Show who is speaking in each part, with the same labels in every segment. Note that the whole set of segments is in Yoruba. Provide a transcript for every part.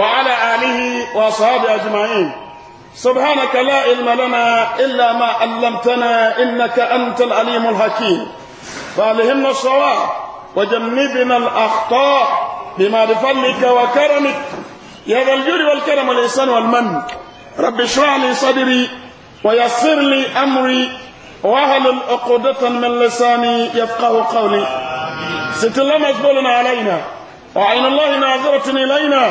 Speaker 1: وعلى آله وأصحابه أجمعين سبحانك لا علم لنا إلا ما علمتنا إنك أنت العليم الحكيم فألهمنا الصواب وجنبنا الأخطاء بما بفضلك وكرمك يا ذا الجود والكرم والإحسان والمن رب اشرح لي صدري ويسر لي أمري وهل عقدة من لساني يفقه قولي ست الله مسبول علينا وعين الله ناظرة إلينا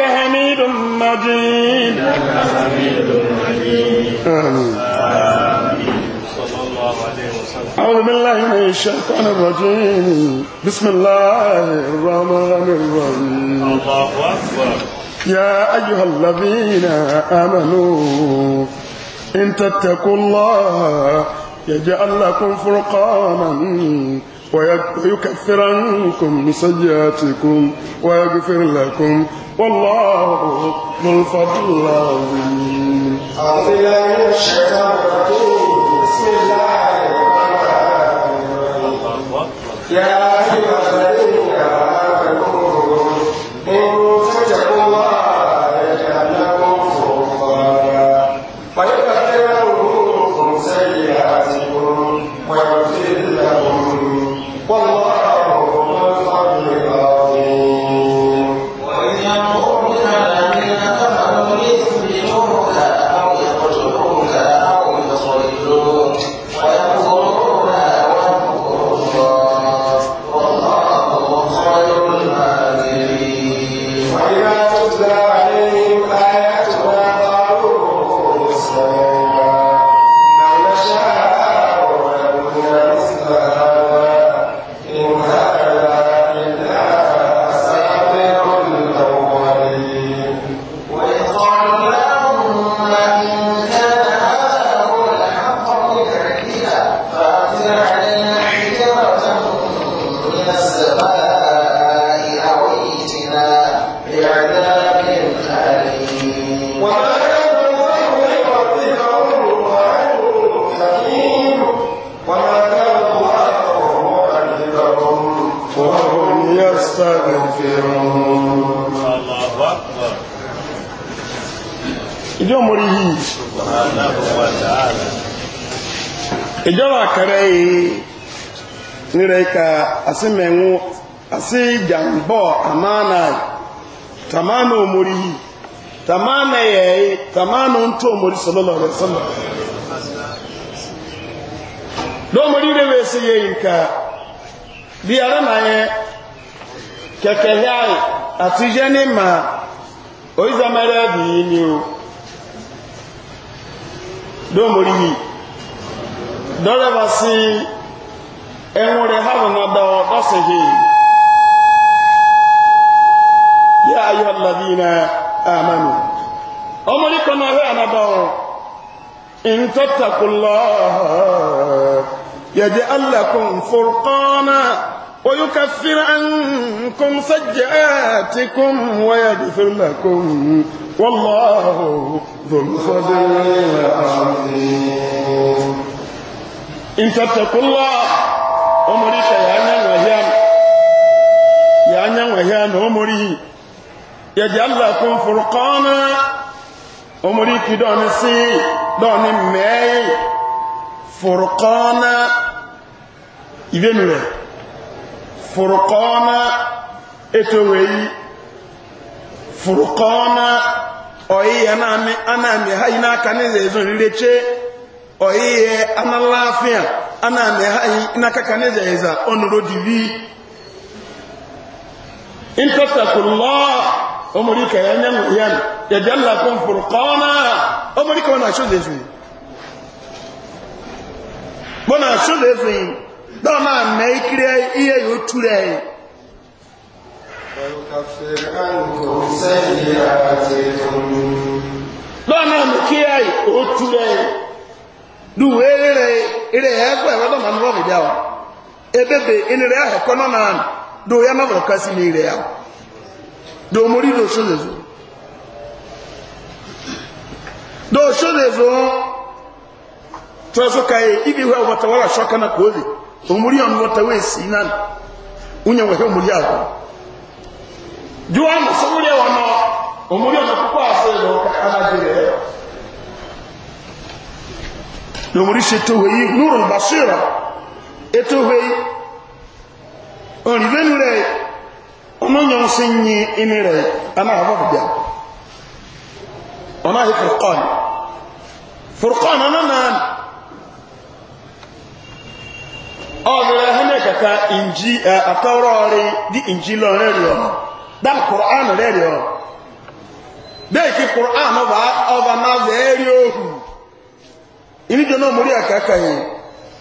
Speaker 2: مجيد آمين
Speaker 1: أعوذ بالله من الشيطان الرجيم بسم
Speaker 2: الله الرحمن الرحيم الله أكبر
Speaker 1: يا أيها الذين آمنوا إن تتقوا الله يجعل لكم فرقانا ويكفر عنكم سيئاتكم ويغفر لكم والله
Speaker 2: ذو الفضل العظيم أعوذ بالله الشيطان بسم الله الرحمن الرحيم يا أيها
Speaker 1: mori sallallahu alaihi wasallam do mori re we se ye nka bi ara na ye keke yai ati je ni ma o iza mere bi ni o do mori ni do re ba si ehun re ha na do do se he ya ayyuhal ladina amanu ọmọdé kan náà إن تتقوا الله يجعل لكم فرقانا ويكفر عنكم سجآتكم ويغفر لكم والله ذو الفضل العظيم إن تتقوا الله أمري يا وهيان يا وهيان أمري يجعل لكم فرقانا أمري دون dɔɔni mɛɛ furukɔɔna ìbénu rɛ furukɔɔna ètò e wɛyi furukɔɔna ɔyi anami anami hayi n'aka ne zɛ zɔn rire tse ɔyi anami hayi n'akaka ne zɛ zɛ ɔnuro dibi ntɔsakuru lɔɔ kɛyɛ nyɛ ŋun يجعل لكم فرقانا أمريكا وانا شو ذي وانا شو ذي دعنا ميكري إيه يوتوري
Speaker 2: ويكفر عنكم
Speaker 1: سيئاتكم dọ́nà mi kí ẹ o tu rẹ du wéere rẹ eré ẹ kọ ẹ̀rọ dọ́nà mi rọ̀rì dẹ́ ọ ebebe ẹni rẹ ahẹ́kọ́ náà nà do ya má bọ̀rọ̀ kásí mi rẹ ya do mori do so do shode zo to so kai ibi wa wata wala shoka na kozi umuri on wata we sinan unya wa umuri ya juwa mo so muri wa no umuri on ko kwa se do ka ana dire no muri se to we nurul basira eto we on rivenu re ono nyon sinyi inire ana ha ba bia وما هي فرقان فرقان أنا نان أولا هناك كا إنجي أتوراري دي إنجي لونيريو دام قرآن ريريو بيكي قرآن أبا أبا نازيريو إني جنو مريا كاكاين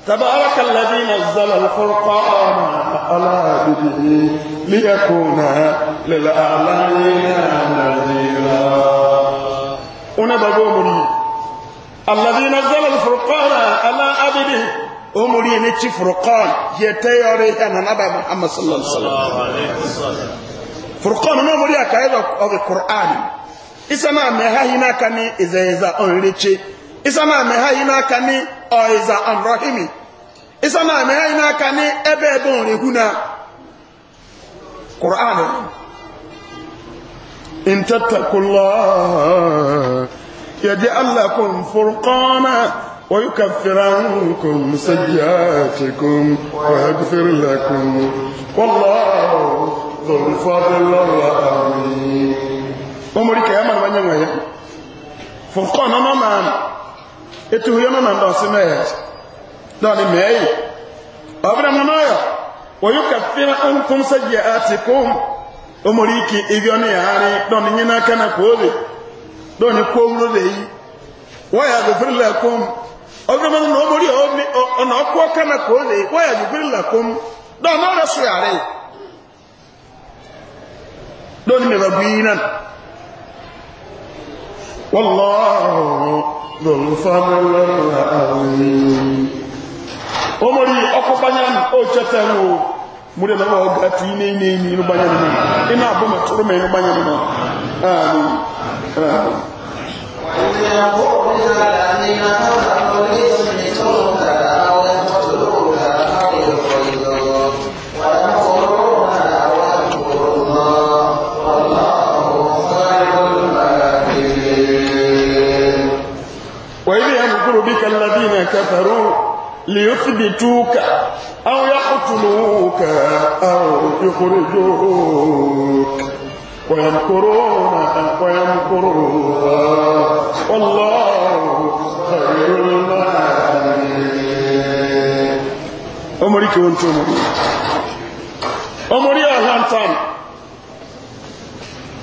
Speaker 1: تبارك الذي نزل الفرقان على عبده ليكون للعالمين نذيرا ونبغو مري الذي نزل الفرقان على عبده أمري نتي فرقان يتياري أنا نبى محمد صلى الله
Speaker 2: عليه وسلم
Speaker 1: فرقان نمري أكايد أو القرآن إسمع مهاينا كني إذا إذا أنريتي إسمع مهاينا كني أو إذا أنرحمي إسمع مهاينا كني أبي بوني هنا قرآن إن تتقوا الله يجعل لكم فرقانا ويكفر عنكم سيئاتكم ويغفر لكم والله ذو الفضل العظيم ومريك يا من من فرقانا نمان نعم. إتو ينا نمان سمعت داني مي أبنا منايا ويكفر عنكم سيئاتكم omoriki ivyo ni yahari don nyina kana kwobe don ko wuro de yi wa na gafir lakum ogama na omori omi ona ko kana kwobe wa ya gafir lakum don no rasu yare don me babinan wallahu omori o o muri na wa gatu ine ine ine no banya ni ina ma matoro me no banya ni amen
Speaker 2: wa ya يمكر alladhina الذين
Speaker 1: liyuthbituka aw يقتلوك أو
Speaker 2: يخرجوك ويمكرون ويمكرون والله خير الماكرين
Speaker 1: أمري كنت أمري أمري أهلانتان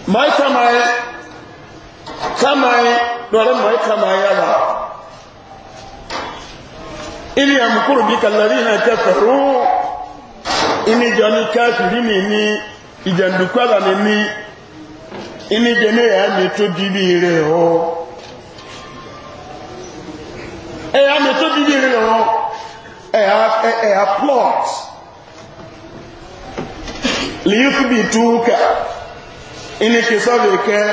Speaker 1: ما يتمعي تمعي نورم ما يتمعي يلا إذ يمكر بك الذين كفروا imijọ ní káàkiri mi ní ìjẹ̀ndùkọ́lá mi ní imijọ ní ẹ̀yà mi tó dìbì rẹ̀ ọ́ ẹ̀yà e mi tó dìbì rẹ̀ ọ́ ẹ̀yà e e, plot lìyíkùbì túkà inikisọ́bìkẹ́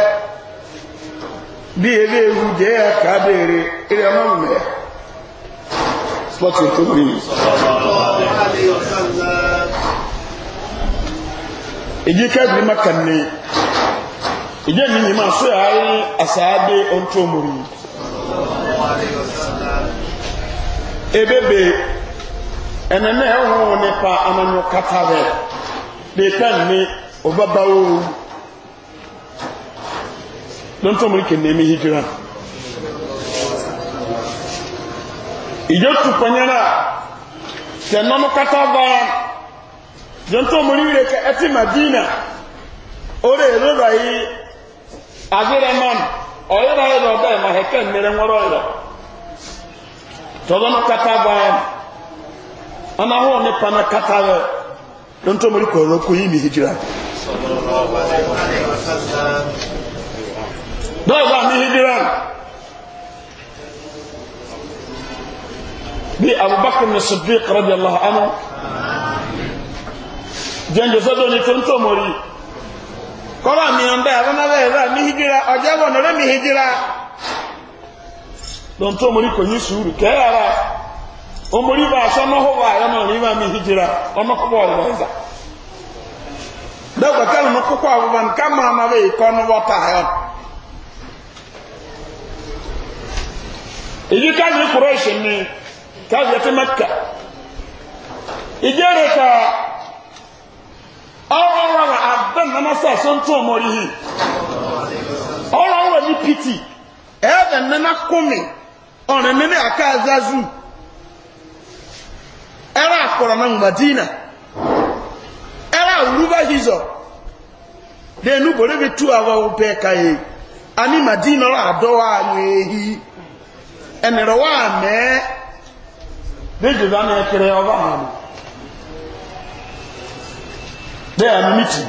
Speaker 1: bí ewé ewu jẹ́ ẹ̀ka béèrè eré ọmọ mẹ́ẹ̀ spọ́tù tó rí. sọ́kọ́ ọ̀rọ̀ àdéhùn eji kabiri maka nne eji ni nyima so ya ayi asaabe onto muri ebebe enene ehu ne pa ananyo katare de tan ni obabawo onto muri ke nemi hijira ijo jọntọ́ mọ̀ríwìrẹ̀ ka eti madina orí èròrà yìí azírẹ́mọ́n ọ̀yọ́rọ̀ ẹ̀rọ ọ̀dọ́ ẹ̀mọ̀ hẹ̀kẹ́ mẹ́rẹ̀ nwọ́rọ̀ ẹ̀rọ tọ́lọ́nà kata báyẹn ọmọ ahọ́ ní paná kata rẹ̀ jọntọ́ mọ̀rí kọ̀ọ̀rọ̀ kú yìí ní hijira
Speaker 2: dọ́ọ̀bà ní hijira
Speaker 1: Bi abubakar jẹ́njẹ́ sọ́dọ̀ ni tó ń tó mọ̀rí kọ́lá mi ọ̀ndà àbánáwá ẹ̀rọ mi hijira ọ̀rẹ́ mi hijira ń tó kò ní sùúrù kẹ́ẹ̀rẹ́ omori bá aṣọ ọmọ hùwà ẹ̀rọ rí mi hijira ọmọ kókó ma ní wọ́tà ẹ̀ èyí ọrọ wa abẹ nana sẹ ẹsẹ ntọ ọmọ yìí ọrọ wa ni piti ẹbẹ nana kumi ọrọ nana aka azazu ẹrẹ akọrọ na madina ẹrẹ awuruba hizọ dẹnu bọrẹ bi tu awa wo bẹẹ ka yẹ e. ani madina ọrọ adọ wa nyehi ẹnìrẹ wa mẹẹ bí jùlọ ọba ha. mi. They are meeting.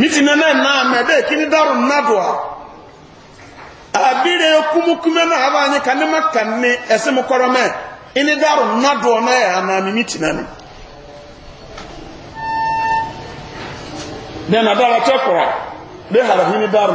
Speaker 1: Meeting na na na de kini daru a Abire kumukume na haba anyi kanema kanne ese mukoro me. Ini daru nadwa na ya na mi meeting na ni. Then hini daru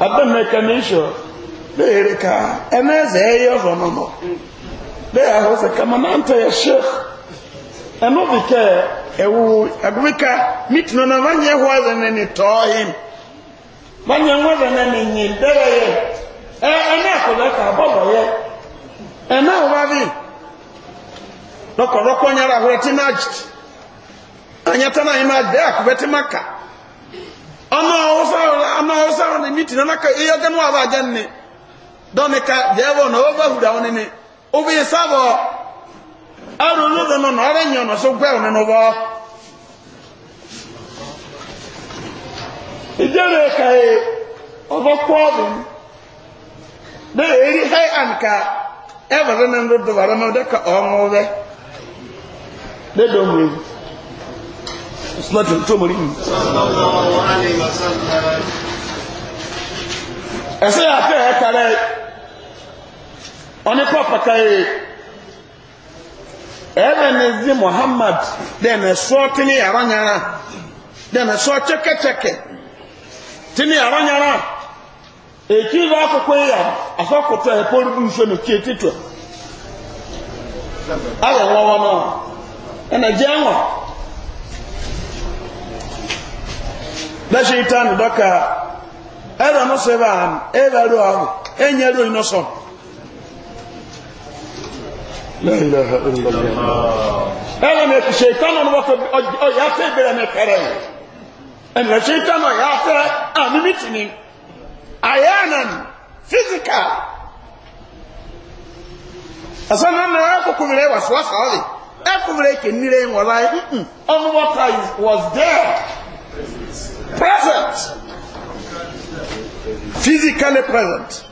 Speaker 1: abemeka n'isho leere ka eneze eyo zonono leere aho se kama nante ya sheikh eno vike ewu agubika mitino na vanye hwaze ne ni tohim vanye hwaze ne ni nyindere ye e ene akole ka bobo ye ene ubavi lọkọlọkọ nyara ahụrụ tinajit anya tana ima de akụbeti maka ọmọ ọwọ́sá ọ̀nà mítì náà ká eyọ ihe àbá jẹ́ ní dọ́nìka jẹ́wọ́ náà ó bá hùdà wọn ní obi sábọ̀ ọrùn olóòdò náà náà ọrẹ́ yàn náà só gbẹ́ òun nínú bọ́. ìjẹ́rẹ̀ ẹ̀ka ẹ̀ ọ̀bọ̀ pọ́ọ̀lù ní èrí hẹ́ àǹkà ẹ̀bọ̀rẹ́ náà ń dọ̀bàrẹ́ mi. ìsúnájú tó mọ̀ nínú. ẹ̀sẹ̀ àfẹ́ ẹ̀ kàrẹ́ ọ̀nípọ̀ pàkàyè ẹ̀rẹ̀ ní muhammad dẹ̀nà ẹ̀sọ́ tí yàrá nyara dẹ̀nà ẹ̀sọ́ chẹ́kẹ́chẹ́kẹ́ tí yàrá nyara èkí ìlú akókó yà afọ́kùtọ̀ ẹ̀pọ̀ kí náà jẹ́ da shaitan daka era no se van era ro amo enye ro ino so
Speaker 2: la ilaha illa allah
Speaker 1: era me shaitan no wa o ya se bere me kare en la shaitan uh, ya se ani mitini ayanan physical asana na ya ko kubire waswasa ali e kubire ke nire nwala mm ọmọ what i was there present physically present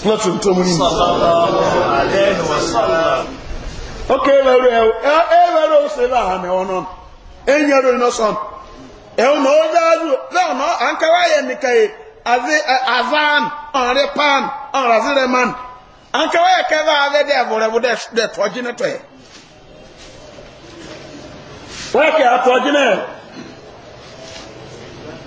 Speaker 1: slotun tó mú ní oké ẹwẹ̀rẹ̀ ẹwẹ̀rẹ̀ òsè láàmì ọ̀nà ẹ̀yẹ̀rẹ̀ ìnọ́sàn ẹ̀hùn náà ó dáájú láàmà àǹkàwá yẹ nìkẹyẹ azan ọ̀rẹ́ pan ọ̀rẹ́ azẹ́rẹ́ man àǹkàwá yẹ kẹfà azẹ́dẹ́ ẹ̀bùrẹ́bù dẹ̀ tọ́jú nẹ́tọ̀ yẹ wọ́n kẹ́ àtọ́jú náà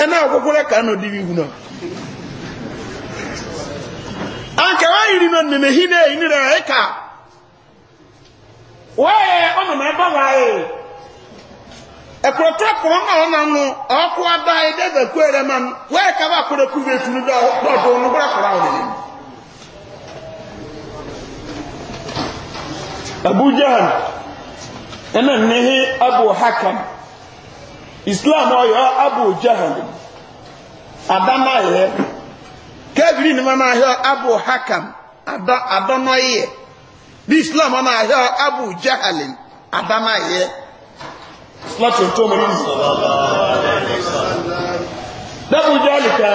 Speaker 1: ɛna agwagwara ka anọ na anka wayiri na nnene hi na eyi nira ɛka wee ọ nọ n'ebe ọla ee ekoroto pụrụ na e. ọ na-anụ ọkụ ada edebe kwere ma wee kaba akwụrụ kwuru eturu dọdụ ọnụ gwara abuja abu hakan islam ọyọ abụ jahal adanayẹ kevin ni ahịa abụ hakam adanayẹ bí islam wọn ahẹ abu jahal adanayẹ láti ọjọ́ mọ̀ nínú dábù jahal ká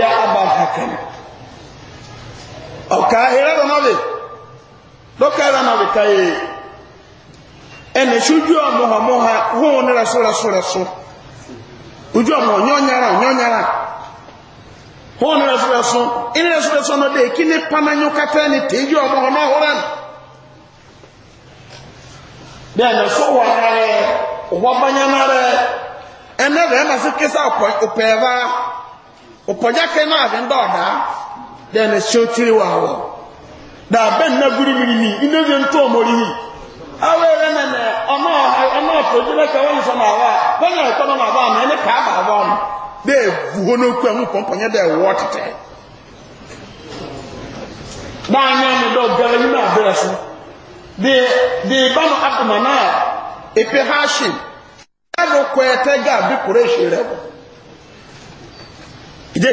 Speaker 1: ya abụ hakam. ọ̀ka ìrẹ́rọ náà lè dọ́kẹ́rẹ́ náà lè káyé ẹnì ṣojú ọmọọmọha hóun ní rẹsúrẹsúrẹsú ojú ọmọ nyọ́nyára nyọ́nyára hóun ní rẹsúrẹsú ní rẹsúrẹsú náà dé kí ní panayó kẹtẹ ní tèjú ọmọọmọ náà hóra nù. bẹ́ẹ̀ dẹ́nà ṣótìrì wà wọ̀ dàbẹ́ nà gúrí mìíràn wa wọn na kọ́ ma bá ọmọ ẹni kàá ma bá ọmọ bẹ́ẹ̀ vuwo ní okú ẹ̀hún pọ̀npọ̀n yẹn dẹ̀ wọ́ tẹ̀tẹ̀ báà nyà mi dọ̀ gẹ̀rẹ́ yìí náà bẹ̀rẹ̀ sí di di bámu abdulmana epi hashi ẹnu kọ ẹtẹ gáà bí kúrẹ́ṣì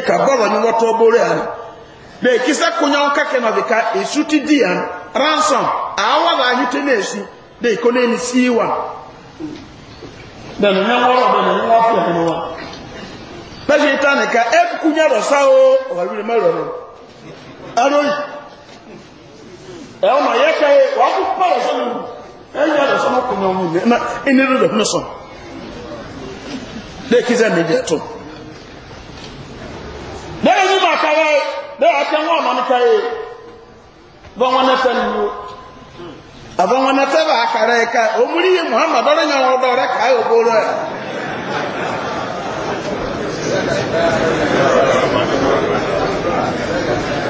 Speaker 1: ka ni de kisa kunyawo kake na vika esu ti di yan ransom awa la ahite e e na esu de iko na eni si wa dana nya wọrọ dana nya wa fi ẹnu wa bẹsẹ ita nika ẹ kunya dọ o ọba bi ma lọrọ alo yi ẹ ọma yẹ kẹ ẹ wà á kó pa dọ sọmọ ẹ nya dọ sọmọ kunyawo mi ẹ na ẹ nílò dọ fún sọ de kisa mi jẹ tó bẹ́ẹ̀ ni màá kàwé bẹ́ẹ̀ àti ẹ̀wọ̀n ọ̀nà nípa yìí bọ́n wọn nẹ́fẹ́ nínú àbọ̀n wọn nẹ́fẹ́ bá kàrẹ́ ẹ̀ka òmùrí yìí muhammad ọ̀rẹ́ yẹn wọn dọ̀rẹ́ kàá yóò bó rẹ̀.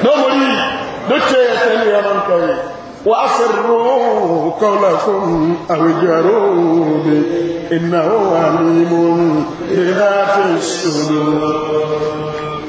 Speaker 1: lọ́mọdé yìí ló tẹ ẹsẹ̀ ní ọ̀nà nípa yìí á fẹ́ rú kọ́lá fún àwùjọ́rò mi ìnáwó àmì mọ́ ìhà fi
Speaker 2: ṣòro.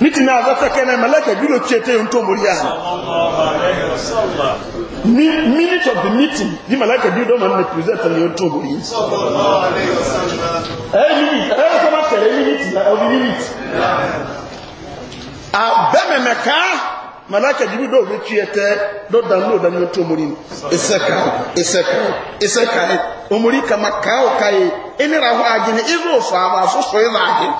Speaker 1: mitina azɔtɛkɛ nɛ mɛlɛkɛ gbilo tiɛte yi ntɔ mori yan mi minute of the meeting ni mɛlɛkɛ gbilo dɔ ma ne present ni ntɔ mori yi minute ɛɛ sɔba tɛrɛ minute la minute a bɛɛ mɛmɛ kaa mɛlɛkɛ gbilo dɔ bi tiɛtɛ dɔ dan n'o dan ni ntɔ mori yi omori kama kaa o inira hɔ agye ne israel faama asosɔ yi laagye.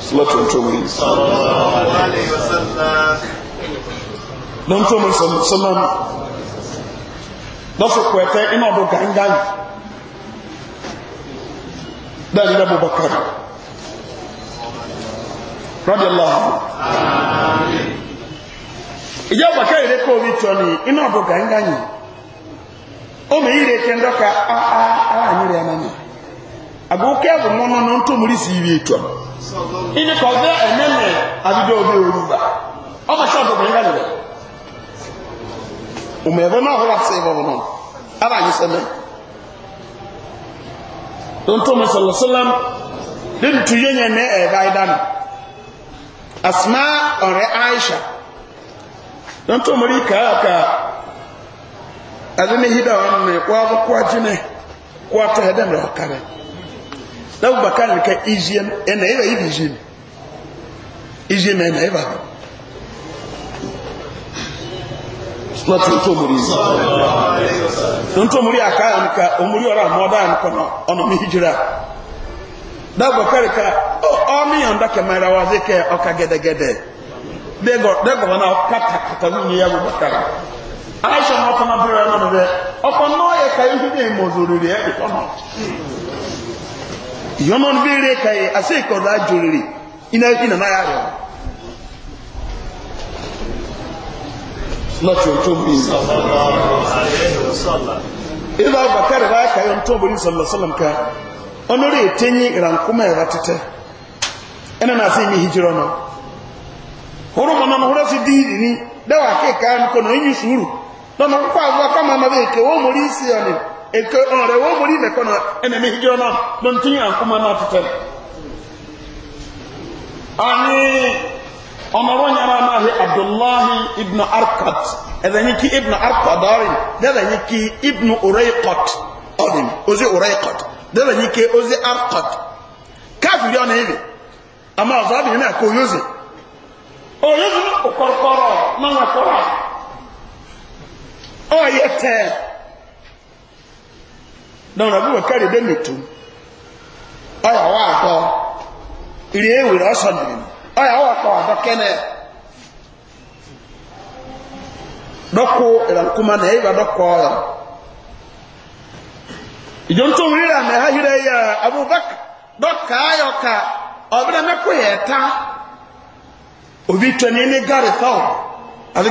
Speaker 2: sila tuntum yi. nantum nsɛmsɛmam
Speaker 1: dɔfo kɔɛtɛ ina ɔdo gangan dɛn dɛ bubakar rabi allah. ìjẹ́ bàkà yìí lè kó omi tọ́ ni iná ọ̀dọ̀ gangan yìí. ọmọ yìí rèké ndọ́ka aláàyèrè ẹ̀ nánà àgókè ẹ̀bùn mọ́ nínú tó múrí sí ibi ètò ìní kọ̀ ọ̀dẹ́ ẹ̀mẹ́mẹ́ àbídọ́ ọdẹ olùgbà ọmọ ṣọ́ọ̀bù bẹ̀rẹ̀ nígbà nílẹ̀ na ẹ̀bùn náà hùwà sí ẹ̀bùn náà aláàyè sẹ́mẹ́ tó mú sọ̀lọ̀ sọ́lám nínú tó aisha abime hida wa mme kwa kwa kwa ta hada na wakare da bu bakar ka izien izi ira ibi izien izien ena ira na tuntu muri tuntu muri aka nka omuri ora moda nko na ono mi hijira ka mi ya bu aisha ma ọkọ ma bẹrẹ náà bẹ ọkọ ka ihu ní ìmọ̀ òzòrìrì ẹ̀ kọ́ náà ìyọ́nà bí rẹ̀ ka yẹ àṣẹ ìkọ̀dọ̀ àjòrìrì iná na ma nkwa azụ aka ma nọrọ eke wo mori isi ya ni eke ọrẹ wo mori imekọ na ememe hijira na na ntinye ankụma na atụtụ anyị ọmọrọ nyara anaghị abdullahi Ibnu arkat ezenyiki ibn arkat ọrịn e dezenyiki ibn ureikot ọrịn e ozi ureikot dezenyike ozi arkat kafiri ọ na-ebi ama ọzọ ọ bụ ime ka oyozi na ụkọrọkọrọ na nwekọrọ ọyẹ tẹ dọnà abubakar dẹ mẹtu ọyà wà àtọ ìrì ewìrì ọsọ nìyẹn ọyà wà àtọ àtọ kẹnẹ dọkọ ìrànkúmá nà ẹyẹ bá dọkọ ọyà ìjọ ntọ wúrira nà ẹhà yìrẹ yẹ abubakar dọkà ayọkà ọbẹrẹ mẹkọ yẹ obi tọ ní ní gari fáwọn àti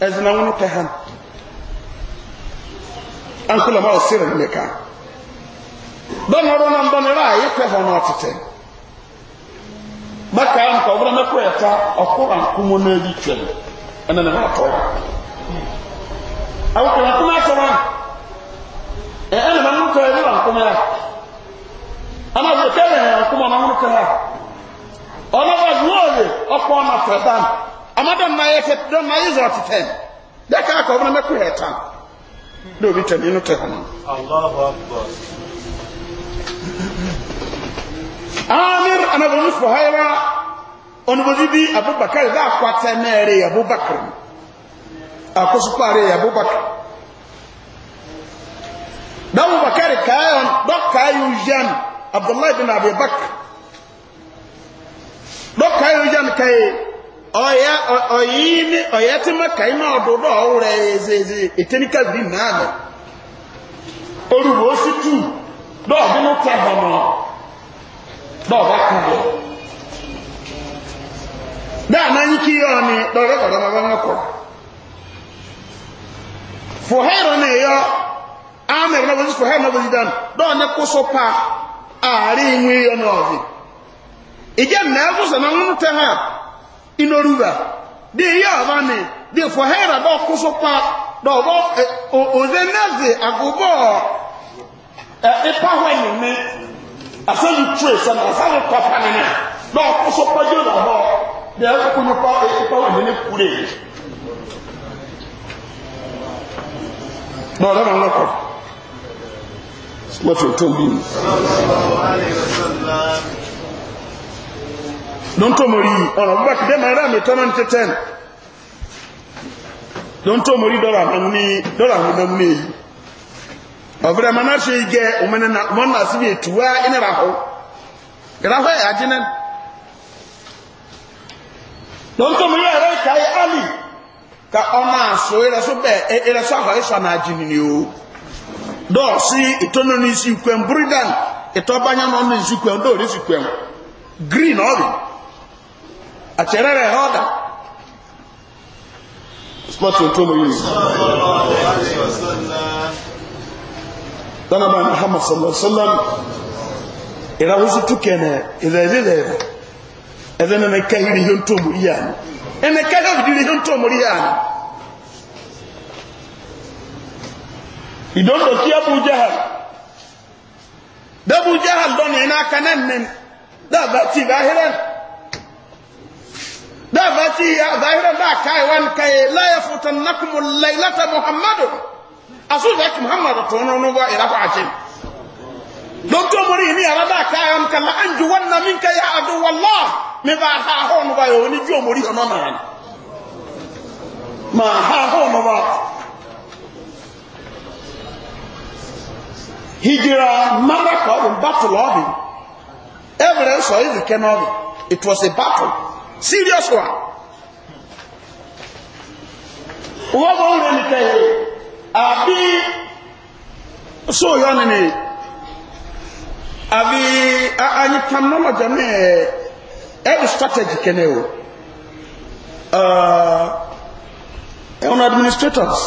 Speaker 1: ɛzina ŋun pɛ hã ankula ma ɔsiri ne ka bɛna ɔrɔ na mbɔnira a yɛpɛ hɔ na ɔtete bɛka nka ɔbɛrɛ mɛkɔ ɛta ɔkora nkomo na ebi twɛm ɛna ne ma tɔ awokora nkomo asɔrɔ a ɛɛ ne ma ŋun tɔ ɛbi wa nkomo ya ana yɛ kɛlɛ nkomo na ŋun tɔ ya ɔna wa nuwɔle ɔkɔ na fɛ dan. ama dɔn yɛ kɛ dɔn ma yɛ zɔn ti tɛn bɛɛ k'a kɔ ɔbɛn mɛ ko yɛ tan dɔw bi tɛmɛ inú tɛ hɔn. amir anabonu fɔhayira onubodi bi abubakar bɛ akwata abubakar abubakar dɔw bakari kaayɔn dɔw yɛn abdullahi bin abubakar dɔw kaayɔn yɛn kaayɔn. ọ̀yá ọ̀yí ní ọ̀yá tí mọ́kà iná ọ̀dọ̀dọ̀ ọ̀rẹ́ ẹ̀zẹ̀ẹ̀zẹ̀ ìtẹ́níkà bí náà orúwò ó sì tù lọ́ọ̀bínú tẹ́bọ̀nà lọ́ọ̀bá kúrò dáàmà yí kí yọ́ ni lọ́rẹ́kọ̀ọ́dọ́ bàbá mọ́kọ̀ fòhẹ́rọ ní ẹ̀yọ́ ámẹ́rẹ́ náà bọ́sí fòhẹ́rọ náà bọ́sí dánù lọ́ọ̀ ní na inorura de yi ava ni de fo hera dɔ koso pa Ozenaze bɔ ɛ eh, o oze neze agogo ɛ eh, ipa hɔ nini asanu tue sani asanu kɔfa nini dɔ koso pa jo dɔ bɔ de ɛkoko nipa ipa hɔ nini kure dɔ ɔlɛ na ɔlɛ kɔ lọ́tún tó ń bí mi. donto mori ọ̀nà bá kìdẹ́ ma rá mi tọ́nà ní tẹ́tẹ́n donto mori dọ́là àwọn ní ọ̀fẹ́rẹ́ ṣe igẹ́ mọ́nà sí na iná ràhọ́ ìràhọ́ ẹ̀ àjínẹ́ donto mori ẹ̀rẹ́ ìkàyẹ ali ka ọmọ àṣọ ìrẹsọ bẹ́ẹ̀ ìrẹsọ àhọ́ na àjínì ni o dọ́ọ̀sí ìtọ́nà ní ní green àtẹ̀rẹ́rẹ́ ọ̀dà smartphone tó mú yìí dánàbà muhammad sallallahu ìràwọ́sí túkẹ̀ẹ́nẹ̀ ìrẹ̀lẹ́lẹ̀ ẹ̀rẹ́ nẹ́nẹ́ kẹ́hìrì yóò tó mú yìí àná ẹ̀nẹ́ kẹ́hìrì yóò tó mú yìí àná ìdóńdó kí abu jahal dabu jahal lọ́nà ẹ̀nà kanáà nẹ́ni dábàá tì bá ده فاتي ظاهر لا كاي وان كاي لا يفوتنكم الليلة محمد أصول محمد تونو نوبا إلى فعشين دكتور مريني أنا لا كاي وان كلا أنجو وانا منك يا عدو والله مبا ها هون با يوني جو مري ما ما ما ها هون با هجرة مرة قوم بطل أبي Everest or even Kenobi. It was a battle. serious wa wọ́n bọ̀ ń rẹ̀ nìkẹ́ yìí àbí sóòyọ́ nìní àbí anyipamọ́lọ́jà náà ẹ̀rù strategy kẹ́nẹ́ o ẹ̀wọ̀n administrators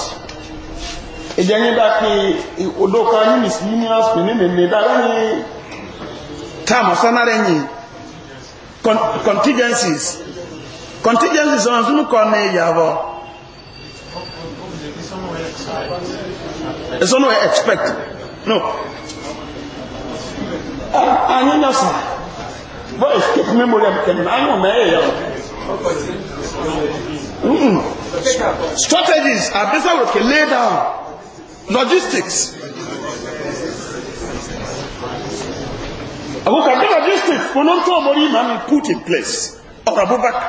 Speaker 1: ìjẹ́yìn bá kí odókọ̀ ní miss universe pè ní mẹ́mẹ́ dára ní táàmù sánárẹ̀ yìí contingencies contingency sọ̀rọ̀ sunu kọ́ ní ìyàbọ̀ ìsọ̀nù wẹ̀ expect no anyi na sọ bọ́ escape memory am kẹ́mi anyi wọ̀ mẹ́ẹ̀ẹ́ yẹ strategies are based on the lay down logistics. Abu Kabir logistics, we don't know what he put in place. Or Abu Bakr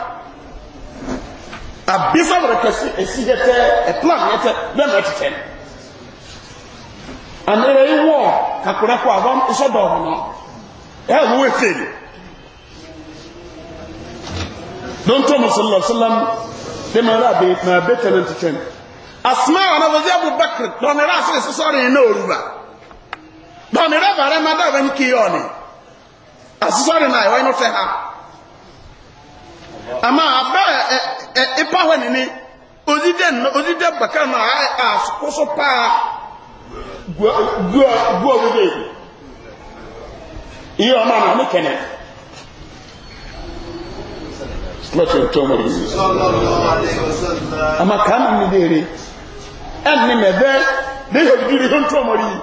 Speaker 1: abisa wɛrɛ kɛse esi yɛ tɛ ɛplan yɛ tɛ bɛn bɛ tɛtɛ ana yɛ yi wɔ kakura kɔ avam sɔ dɔ hɔ no ɛyɛ wo efe de donto musallam sallam demara abe na abe tɛnɛ tɛtɛ asuma wana wɔdze abubakar dɔnere asere sɔsɔre yi na oruba dɔnere bare ma dɔbɛn kiyɔni asesɔre na ayɛ wɔyɛ no fɛ ha. ama abe ẹ e, e, ipa hɔ nini odide odide baka na a a sokoso paa gua gua gua wo de na ne kɛnɛ ama kaa mi mi deere ɛnni mɛ bɛ ne yɛ bibiri ho ntọmọ yi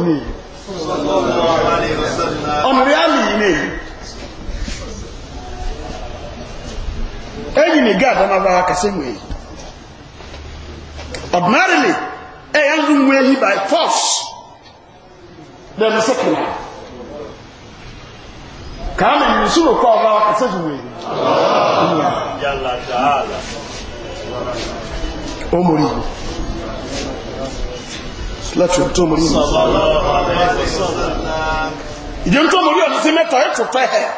Speaker 1: bɛ ọ̀nà reality yìí nìyí ẹ̀yìn ní gáàdà máa bá kàṣẹ́ mú èyí ordinarily ẹ̀yà e by force lẹ́nu sẹ́kìnà ka ní sùúrù ka ọ̀bá kàṣẹ́ mú èyí láti ọ̀tọ́ mọ̀ ní ìdí ọ̀tọ́ mọ̀ ní ọ̀tọ́ sí mẹ́ta ẹ̀ tọ̀tọ̀ ẹ̀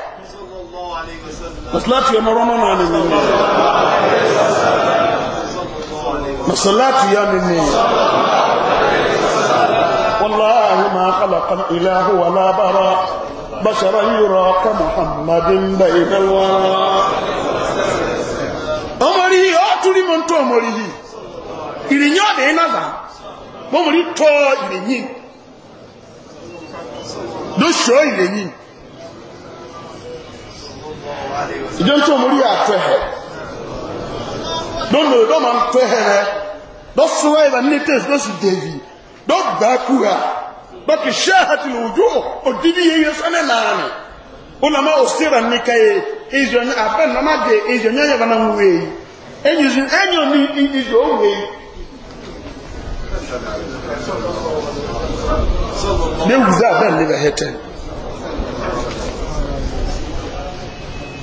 Speaker 1: láti ọmọ ọ̀rọ̀ náà ni nìyí masalati ya ni nìyí wàláhù máa kàlàkàn ìlàhù wà lábára bàṣàrà yíra ká muhammadin bẹ̀rẹ̀ wàrà ọmọ rí ọtún ní mọ́ntọ́ ọmọ rí yìí ìrìnyọ́ bẹ̀ẹ́ náà mọ́mùrí tọ́ ilẹ̀ yìí lóṣọ́ ilẹ̀ yìí ìjọ tó mọ́rí àtẹ́hẹ̀ lọ́nà ìdọ́mà ń tẹ́hẹ̀ rẹ̀ lọ́sọ́wọ́ ìbà nílẹ̀tẹ̀s lọ́sù dèvì lọ́gbàkúra lọ́kì ṣáàtì lòójú òdídí yẹyẹ sánẹ̀ láàrin ulama osira nikaye ìjọ ní abẹ́ nàmájẹ ìjọ ní ẹ̀yẹ̀ bá náà wúwe yìí ẹ̀yìn ìjọ ní ìjọ òwe yìí they will that then live a hated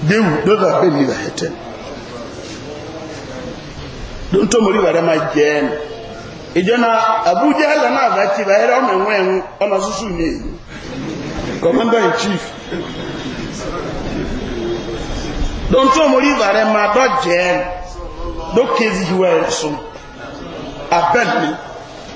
Speaker 1: they will that then live a hated don to mori bare ma jen ijona abuja la na ba ti ba era me nwen ona susu ni
Speaker 2: commander in chief
Speaker 1: don to mori bare ma do jen do kezi hiwe so abel ni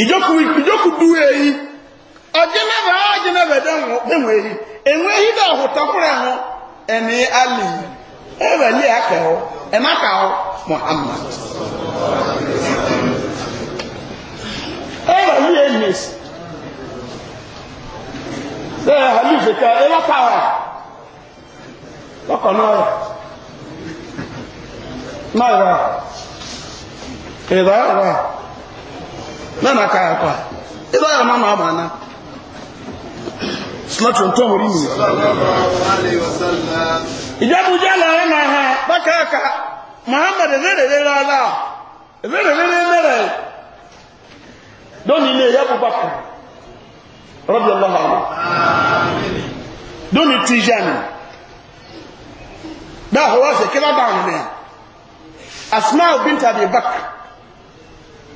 Speaker 1: ijoku ehi, eyi ọjịnaba ọjịnaba denweghị enweghị dị ọhụtakwụrụ ahụ ene ali eweli aka ahụ emeka ahụ muhammad eweli enes sɛ halife ka ɛba pawa ɔkɔ n'ɔyɛ n'ɔyɛ wa ɛba wa. na maka akwa izo ala amama ama na slatron to nwere iwe ala
Speaker 2: ala aliyu asala
Speaker 1: ijebu jere na-ehe baka aka muhammadu zere zere ala zere zere nlere dominile gbagbapu rabiuallah ala don't eat tishani gbaghu wasa ke nabalị na asina pint of a bark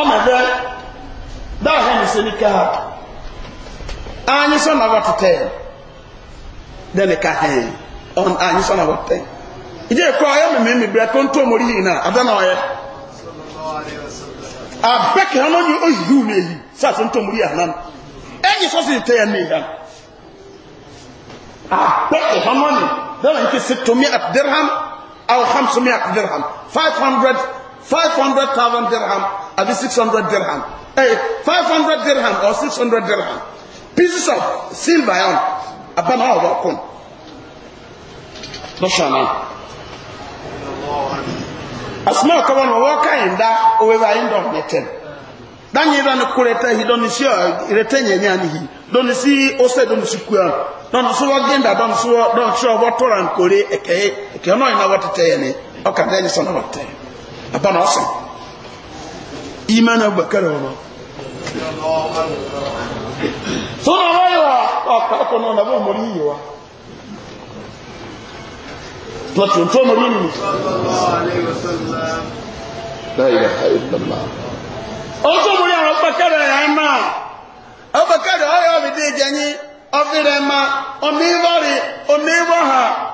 Speaker 1: ɔmɛbɛ dáhà ní sɛ nika ha anyi sɛ nava tetɛ dɛ nika hɛn ɔn anyi sɛ nava tetɛ ìdí ɛkọ ayé mímí mi bẹrẹ tó ń tó mori yìí náà adé náà yẹ abẹ́kẹ̀ ɔmọ yìí ó yìí wù mí èyí sáà tó ń tó mori yìí àná ɛnyi sɔ si tɛ yɛ mí yá abẹ́kẹ̀ ɔmọ ni bẹ́ẹ̀ ni kì í sè tómi àti dirham awo hamsomi àti dirham five hundred. Five hundred thousand dirham six hundred dirham eh hundred dirham or six hundred dirham pieces of silver yẹn abana ọ̀rọ̀ kùn lọ́sàn-án asmaa kọ́wọ́n na wọ́ọ́ká yìí dá owó bá yín dọ̀n mẹ́tẹ́n dányé dá ní kúrẹ́ tẹ́ yìí dọ́ni sí ìrètẹ́ yẹn ní àníyí dọ́ni sí ọ́sẹ̀ dọ́ni sí kúrẹ́ dọ́ni sí wọ́n gẹ́ndà dọ́ni sí wọ́n tọ́ra nkóré ẹ̀kẹ́ ẹ̀kẹ́ ọ̀nà yìí náà wọ́n tẹ́tẹ́ yẹn ni ọkà dẹ́yìn sọ́nà wọ́n tẹ́yìn abana ɔsɛ iman abubakar ɔno sɔnna ɔyɛ wa ɔka ɔkɔ náà nàbɔ ɔmɔ yìí wa tɔtɔtɔ ɔmɔ yìí nìyí. ɔsɔ mo ní àwọn abubakar ɛyà ẹ̀ máa abubakar ɔyɛ ɔbìdí ìjẹ̀yìn ɔfìrẹ̀ ma ɔmí ìwọ́rì ɔmí ìwọ́ ha.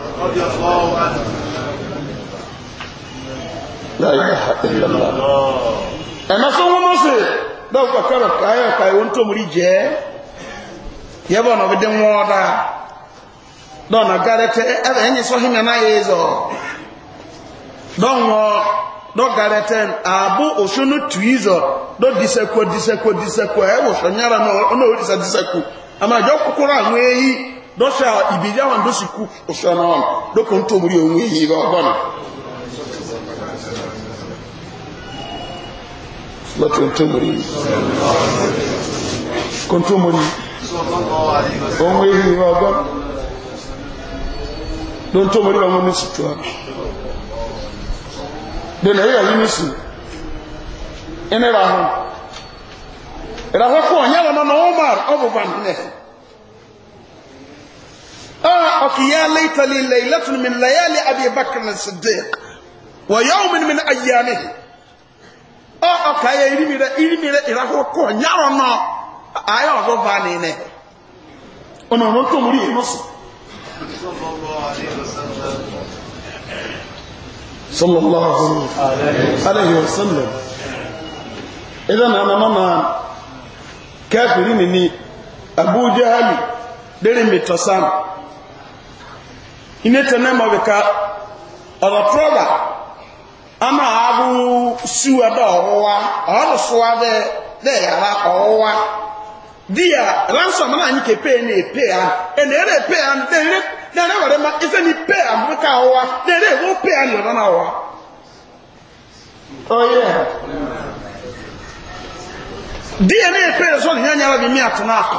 Speaker 1: رضي الله عنه
Speaker 2: لا إله إلا الله
Speaker 1: أنا سوى نصر لو فكرت آية كاي وانتم رجاء يبون بدم وضع دون غارت أبن صحيح ما يزو دون do gareten abu osunu tuizo do diseko diseko diseko e dọ́ṣà ìbìlẹ̀ àwọn ló sì kú òṣèlú wọn lókò ń tòmúrí ohun èyí ìwà ọgbọ́nà
Speaker 2: lọ́tún tòmúrí kò ń tòmúrí ohun èyí ìwà ọgbọ́nà
Speaker 1: ló ń tòmúrí ọmọ ní sùtù àbí dẹ̀lẹ̀ yíyà yí ní sù ẹni ra hàn ìràwọ́ fún ọ̀nyẹ́rọ̀ náà ọmọ ọ̀bùbà nílẹ̀ آه يا ليت لي ليلة من ليالي أبي بكر الصديق ويوم من أيامه آه أوكي يا إيري ميرا إيري ميرا إيرا هو كو نيارو نو أيا هو فاني نه أنا ما تمري نص
Speaker 2: صلى الله عليه
Speaker 1: وسلم إذا أنا ماما كافرين إني أبو جهل ديري متسام inetene mabika ọrọtọba ama abu siwa da ọwụwa ọrụ dị da yara ọwụwa di ya ransom na anyị kepe na epe ha enere epe ha nere nere were ma ife na pe ha mbụka ọwụwa nere ewu pe ha nọrọ na ọwụwa oye di ya na-epe ọzọ na e ya nyara bi mi atụ na-akụ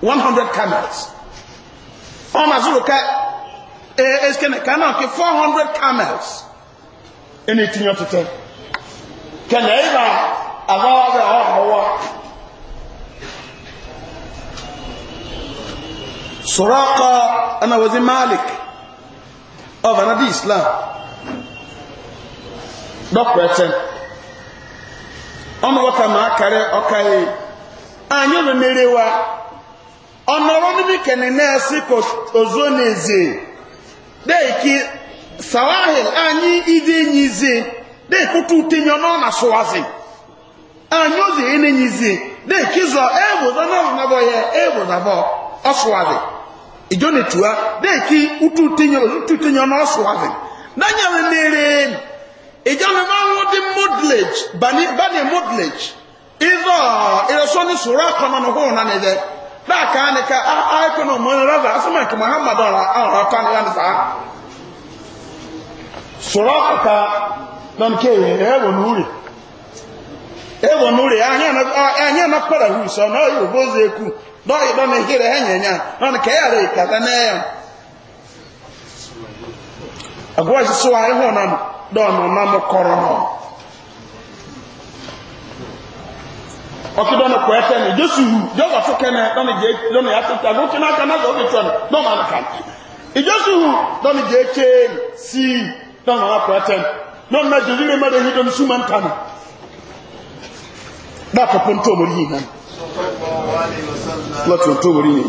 Speaker 1: n'akọ 100 camels ọ mazụrụ ka eskene kana ke 400 camels ene tinyo tete kana iba abawa be hawa suraqa ana wazi malik of anadi islam dokwete ọmọ wọta ma akari ọkaye anyị lụmere wa ọ nọrọ n'ubi kene na-esi ka ozo na-eze deki sawahil anyị ide nyize deki otu utenyo na sụwazi anyị ozi ene nyize deki zọ ebuzo nọ na bọ ya ebuzo bọ ọsụwazi ijo netua deki utu utenyo otu utenyo nọ ọsụwazi danyere nere ijo ne ma nwụ dị modlage bani bani modlage ịzọ ịrọsọ ni sụrụ akọ nọ n'ụkwụ na n'ebe dáàkà ni ká àìkọ́nà mọ́ rọ́dà asọ́mọ̀kì muhammad ọ̀rọ̀ ọ̀rọ̀ ọ̀tọ́ ni wọ́n sá. sọ̀rọ̀ kàkà lọ́nkẹ́ ẹ̀wọ̀ núrì na pẹ̀lẹ̀ hù sọ náà yóò bó ṣe kú lọ́yì lọ́nà ìhìrẹ̀ ẹ̀yẹ̀nyà lọ́nà kẹ́yà rẹ̀ kàtà náà. àgọ́ na àìhùn náà dọ̀nà náà kọrọ náà. ọtí dọ́nà kọ ẹsẹ̀ ní jésù wù jọ́sọ̀ tó kẹ́nẹ́ dọ́nà jẹ́ dọ́nà yà tó tẹ̀ àwọn tí náà kan náà sọ̀rọ̀ tó ẹ̀ dọ́nà àná kan ìjésù wù dọ́nà jẹ́ ké sí dọ́nà wà kọ ẹsẹ̀ dọ́nà jẹ́ lílé mẹ́rin yìí dọ́nà súnmọ́ nǹkan nù. dáàtọ̀ pé ntọ́ mọ̀ yìí náà lọ́tọ̀ ntọ́ mọ̀ yìí.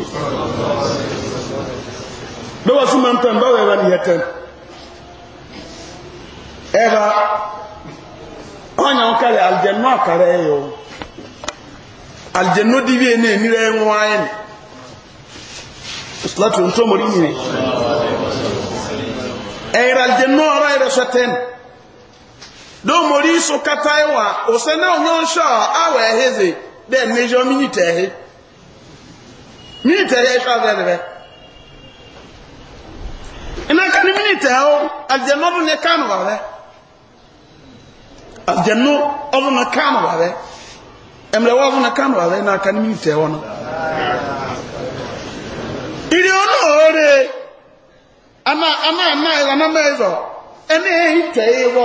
Speaker 1: dọ́wọ́ súnmọ́ nǹkan báwo ẹ̀rọ ni yẹtẹ̀ ẹ̀rọ ọ̀nyà ń kárẹ̀ àlùjẹ̀ náà kárẹ̀ yẹ̀ o aljanno dibi ene e e ni re nwaen salatu nto mori ni era aljanno ara era saten do mori so kataiwa e o se na ohun sho awe heze de mejo mi tehe mi tehe sho de be ina kan mi tehe o aljanno ne kan wa be aljanno o ne kan wa be emre wa funa kamera ị na kan minista iri ono ama ama ama ana ila na mezo ene ehi te iwo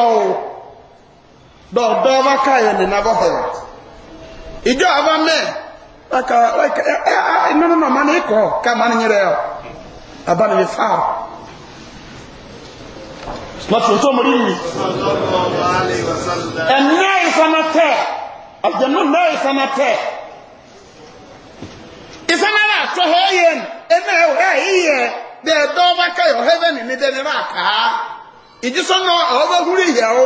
Speaker 1: o ka na ba ho ijo aba aka like uh, uh, uh, no no no man iko ka man nyere yo aba ni fa aljanna náà ìsànà tẹ ìsànà rà tó na yẹn ẹnna ẹ hẹ yíyẹ bẹẹ dọwọ kẹyọ hẹfẹ nìní dẹni rà ká ìjísọnà ọwọ húrí yẹ o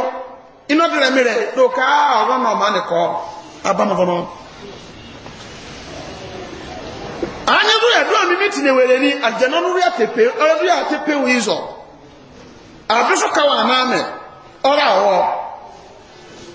Speaker 1: iná dìrẹ mi rẹ ló ká ọwọ náà má nìkọ abamọfọmọ. anyanwó yẹ dúró mi mi tì ní ni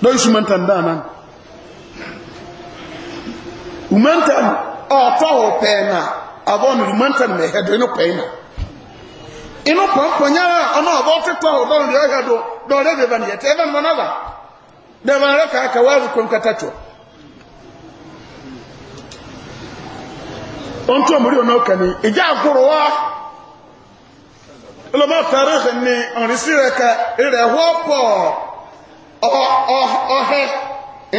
Speaker 1: lóyún sumantan dáná umantan ọ̀tọ̀ oh, wọ pẹ́ẹ́nà abọ́nu umantan mẹ́hẹ́dọ̀ inú pẹ́ẹ́nà inú pọ̀npọ̀ nyára ọmọ ọ̀bọ̀ títọ̀ ọ̀dọ́rùn yóò hẹ́dọ̀ dọ̀rẹ́ bèbà ni yẹtẹ́ ẹ̀bẹ̀ mọ́ náà bá dẹ̀bà rẹ̀ kàkà wà lù kọ́m kata tọ̀ ohun tí ọmọdé ọ̀nà ọkà ni ìjà àgùrọ̀ wá ọlọmọ tààrà ni ọ̀rìnsí rẹ̀ ka ìrẹ̀ wọ́ pọ̀
Speaker 2: ọhẹ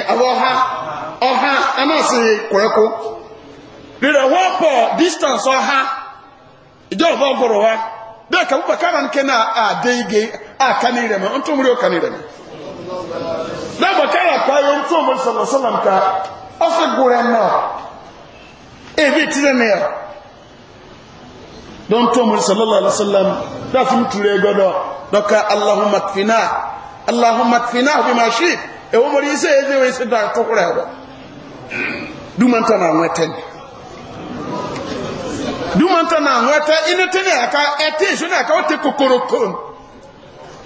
Speaker 1: ọha ọha anásì kọ̀ẹ́kọ́ rírẹ̀ wọ́n pọ̀ distance ọha ìjọ ọ̀bọ̀ ọgọ̀rọ̀ wa bẹ́ẹ̀ kà púpọ̀ kára nkẹ́ náà àdé igé àká ní ìrẹ̀mọ̀ ń tó múrí ka ní ìrẹ̀mọ̀ lẹ́gbọ̀ kára pààyọ ń tó múrí sọ̀rọ̀ sọ̀rọ̀ nǹka ọ̀fẹ́ gúrẹ̀ náà èbí ìtìrẹ̀ ní ẹ̀ lọ́n tó múrí sọ̀rọ̀ sọ̀rọ̀ láti mú tùrẹ̀ allahumma kfinahu bima shi e wo mori se ze we se da to kure ro du man tana nwete du man tana nwete ine tene aka ete so na aka o te kokoro ko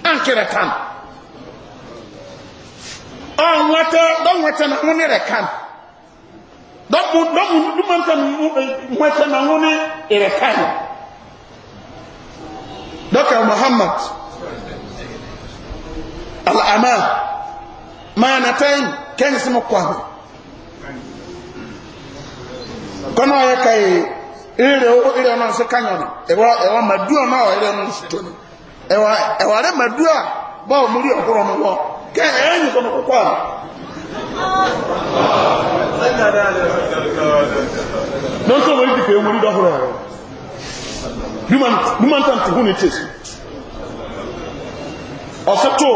Speaker 1: an kere kan an nwete don nwete na woni re kan don mu don mu du man tana nwete na woni re kan Dr. Muhammad الأمان معنتين كان اسمه قهوة kọ́nà ọ̀yẹ́ ka yìí owó ìrìnrìn ọ̀nà ṣe kányọ̀nà ẹ̀wà màdúà náà ìrìnrìn ọ̀nà ṣe tóní ẹ̀wà rẹ̀ màdúà báwo mú rí ọ̀gbọ́n wọ́ kẹ́ ẹ̀yìn sọ̀nà púpọ̀ àná. lọ́sọ̀ wọ́n ti fẹ́ dọ́kọ̀rọ̀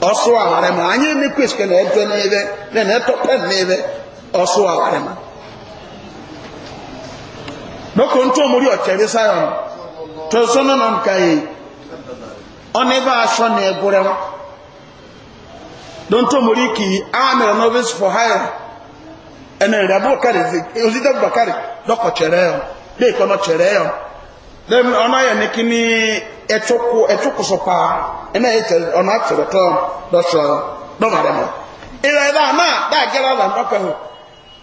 Speaker 1: ọsụ awara ma anyị emekwa na ebe n'ebe na na-etọpe n'ebe ọsụ awara ma dọkọ ntụ omori ọchịrị sayọn tọsọ nọ na nka yi ọ na ebe asọ na ebure m dọntụ omori ki a mere novice for hire e ẹnna ìrìnàbọ kari ozide bukari dọkọ chere ya dẹkọ nọ chere ya dẹm ọ na yẹ ne ɛtoko ɛtoko so paa ɛna yɛ kyerɛ ɔno akyerɛ tɔn dɔsɔ dɔma dɛm ɛyɛ dɛ ana dɛ agyɛrɛ dɛ mpapa ho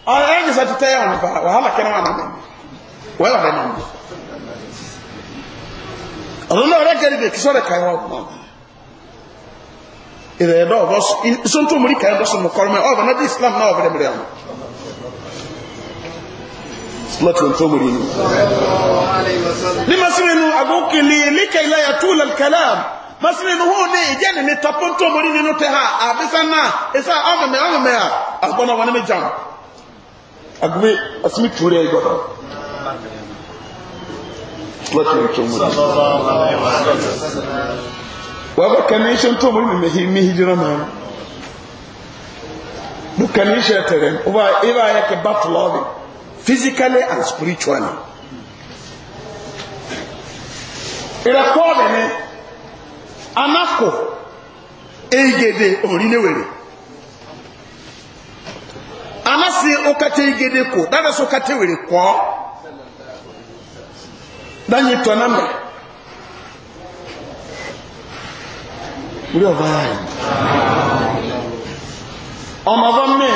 Speaker 1: ɔyɛ ɛyɛ sɛ tetɛ yɛ ɔno paa wahala kɛnɛ wa nam wɔyɛ ɔdɛ nam ɔno na ɔrɛ gɛrɛ de kisɛ ɔrɛ kae wɔ ɔmo ɛyɛ dɛ ɔbɔ so ntontomori kae dɔsɔ mo kɔrɔ mɛ ɔbɛ na di islam na ɔbɛ dɛ mɛrɛ ɔmo
Speaker 2: láti ohun tó mọ̀rí
Speaker 1: ní masínú agókèlè líkà iláyà túlẹ̀ kalam masínú hó ní ìjẹ́ ní tọ́pọ̀ tó mọ̀rí nínú tẹ́ ha àbísá ah, náà ìsá ọmọmẹ ọmọmẹ àgbọ́nà wọn ní jàm agbé asimi túrẹ̀ ìgbọ́dọ̀
Speaker 2: láti ohun tó mọ̀rí
Speaker 1: wọ́n bá kàn ní iṣẹ́ tó mọ̀rí mi hijira máa dukkan ní iṣẹ́ tẹ̀rẹ̀ ọba ibà yẹ kẹ bá tùlọ́ọ̀bì physically and spiritually. Ìrẹ̀kọ́ọ̀lẹ̀ ni anáfò eigede òrìléwèrè. Anásí ókàtẹ́ eigede kò, dáadásí ókàtẹ́ wèrè kọ́. Dáyé tọ́ náà Orí Ọmọ mẹ́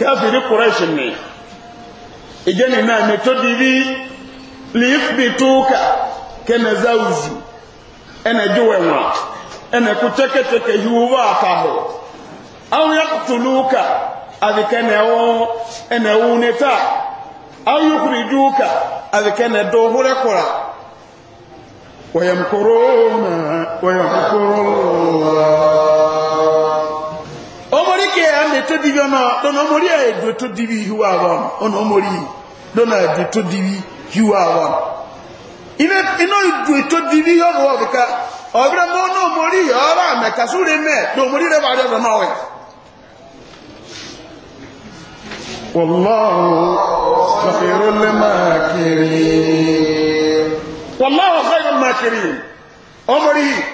Speaker 1: káfìrí kùrẹ́ṣì ni ìjẹ́ni náà ni tó di rí lífì túkà kẹ́nà záwùzù ẹnà jùwẹ̀wà ẹnà kú tẹ́kẹ̀tẹ́kẹ̀ yíwúwà àtàbọ̀ àwọn yàtùlúkà àdìkẹ́nà ẹwọ́ ẹnà wúnetà ayúkùrì dúkà àdìkẹ́nà dọ̀húrẹ́kùrà wọ̀yẹ̀mkúrò náà wọ̀yẹ̀mkúrò to dibi ona dono mori e do to dibi hiwa won ono mori dono e do to dibi hiwa won ine ino do to dibi yo wo bika obra mo no mori ora me kasure me do mori re ba do no we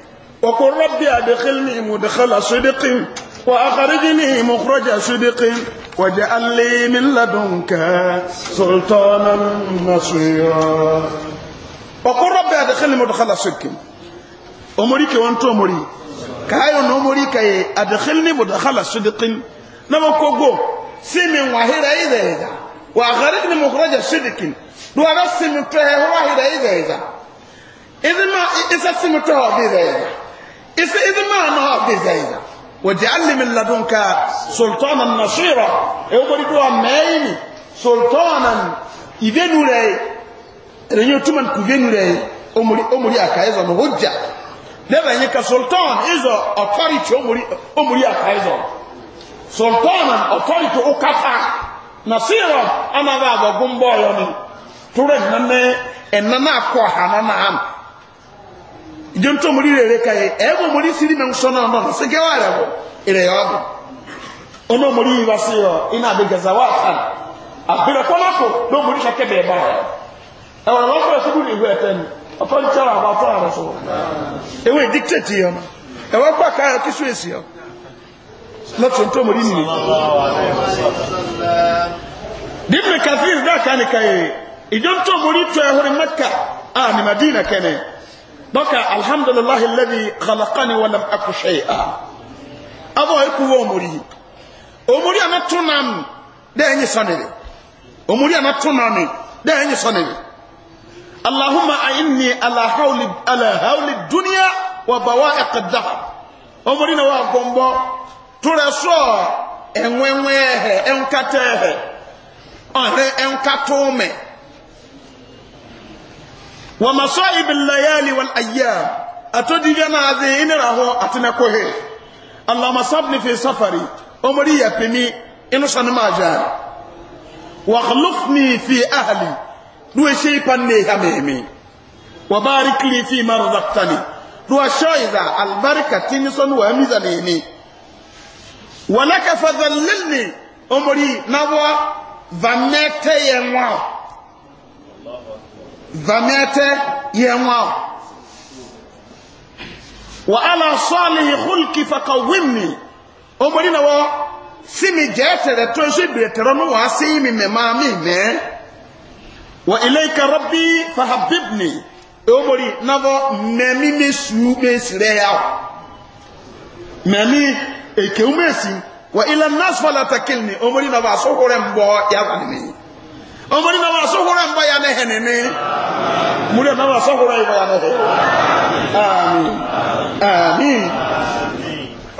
Speaker 1: وقل ربي أدخلني مدخل صدق وأخرجني مخرج صدق واجعل لي من لدنك سلطانا نصيرا وقل ربي أدخلني مدخل صدق أمريكي وأنت أمري كايو أمريكي أدخلني مدخل صدق نما كوغو سيمين وهيرا إذا إذا وأخرجني مخرج صدق دو أغسل من تهي وهيرا إذا إذا إذا ما إذا سيمين تهي إذا إذ إذ ما أنا هذه زينة وجعل من لدنك سلطانا نصيرا يقول دوا مين سلطانا إذن لي رنيو تمن كذن لي أمري أمري أكايزا نهجة لما ينك سلطان إذا authority أمري أمري أكايزا سلطانا authority أكفا نصيرا أنا ذا غمبو يوني تورن نمي إننا أكوها نمام ìjọ tó mú rí rere káyẹ ẹgbẹ́ mú rí sírí mẹ́rin sọ́nà náà sí gẹ́wà rẹ̀ bọ̀ ìrẹ̀ yọ ọdún ọ̀nà mú rí wá sí ọ iná àbí gẹ̀ẹ́sà wà kàn àbẹ̀rẹ̀ kọ́lákò ló mú rí sàkẹ́ bẹ̀ẹ̀ bá rẹ̀ ẹ̀wọ̀n lọ́wọ́ fẹ́ sùkúrù ìwé ẹ̀tẹ́ ni ọkọ̀ ń tẹ́ra àwọn afọ́ àrẹ sọ ewé díktẹ̀tì yọ ẹ̀wọ̀n pà káyọ kí sùn dɔkɛ alhamdulilahi lɛbi kalakani walam akusɛyi a abɔ eku wɔ omori omori a na to nam dɛ enyi sɔnere omori a na to nam dɛ enyi sɔnere allahumma ayinni ala hawli ala hawli duniya wa bawa ɛkadaha omori na wa gɔnbɔ tura sɔ ɛnwɛnwɛ ɛhɛ ɛnkatɛ ɛhɛ ɔhɛ ɛnkatɔ ومصائب الليالي والأيام أتدي جنا ذهين راه أتنكوه اللهم صبني في سفري أمري يبني إنو سنما جاري واخلفني في أهلي دو شيء بني هميمي وبارك لي فيما رزقتني دو شايدا البركة تنسون وهمزنيني ولك فذللني أمري نبوة ظنيتي ينواه ذميته يموا وعلى صالح خلق فقومني أمرنا و سمي جاتر بيترم بيترون واسيمي ممامي مي وإليك ربي فحببني أمري نظر ممي مسو مسريا ممي إكيومسي وإلى الناس فلا تكلني أمري نظر سوكرم بو يغنمي ọmọdé náà wà sọ́kúrọ̀ ń bá ya nẹ́hẹ̀ nìní múlẹ̀ náà wà sọ́kúrọ̀ ń bá ya nẹ́hẹ̀ àmín àmín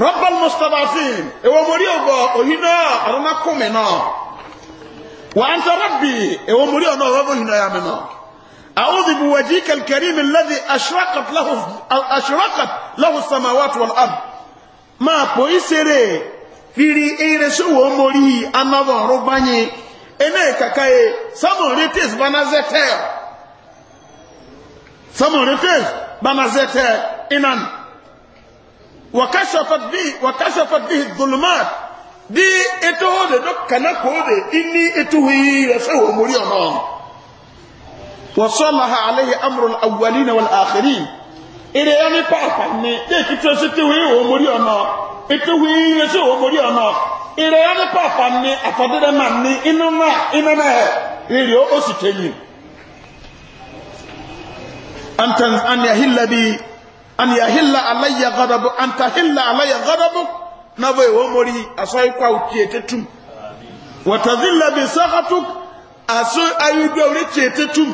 Speaker 1: rọ́bàl mustapha fíìm èwọ mọ̀rí ògbọ̀ òhìn náà ọ̀rọ̀mákùnmí náà wà á ń tọ́ rọ́bì èwọ mọ̀rí ọ̀nà ọ̀rọ̀bọ̀ òhìn náà yà mí náà أعوذ بوجهك الكريم الذي أشرقت له أشرقت له السماوات والأرض ما بويسري في رئيس ومري أنا ضربني ene kaka ye samu retis bana zete samu retis bana zete inan wakashafat bi wakashafat bi dhulumat di eto hode do kana ko de inni etuhi rafu muri ono wasalaha alayhi amru al-awwalin wal-akhirin ire yani papa ni de kitose tuhi o muri ono etuhi rafu o muri ono ìrẹ̀ ẹni pàpà ní àfọ̀dẹ́dẹ́ mà ní inú náà iná náà rírì ó sì tẹ́lẹ̀ anìyàhílà aláyà gọ́dọ̀bù antahílà aláyà gọ́dọ̀bù náà bọ̀ ìwọ́n mọ́rí àṣọ ikọ̀ òkè tẹ́tùm wàtàzílà bí sọ́kàtùk àṣọ ayúdọ̀ orí tẹ́ tẹ́tùm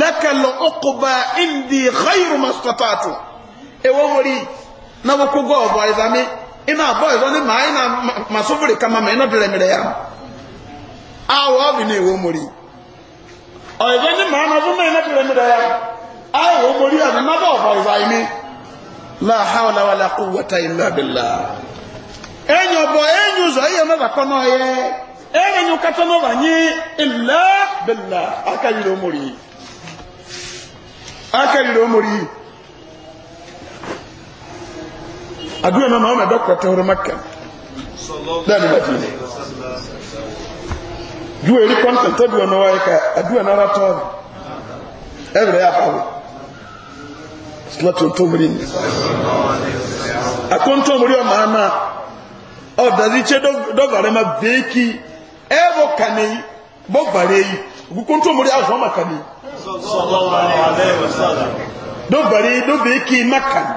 Speaker 1: lẹ́kẹ̀lẹ̀ ọkùnbà ìndì xayiru mastatatu ìwọ́n mọ́rí náà bọ̀ kó gọ́ ọ̀bọ̀ ìdámi ina boy zo ni ma ina masufuri kama ma ina dire ya awo bi ne wo muri o zo ma na zo ma ina dire mire ya awo muri ya na ba boy za imi la hawla wala quwwata illa billah enyo bo enyo zo ye ma ba kono ye enyo kato no banyi illa billah akayiro muri akayiro muri adúlẹ̀ náà ọmọ ẹ̀dọ́ kọ̀ọ̀tẹ́ ọ̀rọ̀ mẹ́kà lẹ́nu mẹ́tì ní ju èrí kọ́ńtẹ̀ntì tẹ́bi ọ̀nà wáyé ká adúlẹ̀ náà tọ́ ọ̀rọ̀ ẹ̀rẹ̀ àbáwọ̀ sílẹ̀tì ọ̀tọ́mọ̀rì ni akọ́ntọ́mọ̀rì ọmọ àná ọ̀dàdí tẹ́ dọ́gbàrẹ́ ma bẹ́ẹ̀kì ẹ̀rọ kàní bọ́gbàrẹ́ yìí kọ́ntọ́mọ̀rì àwọn ọmọ kàní dọ́gbàrẹ́ dọ́gbàrẹ́ kì má kàní.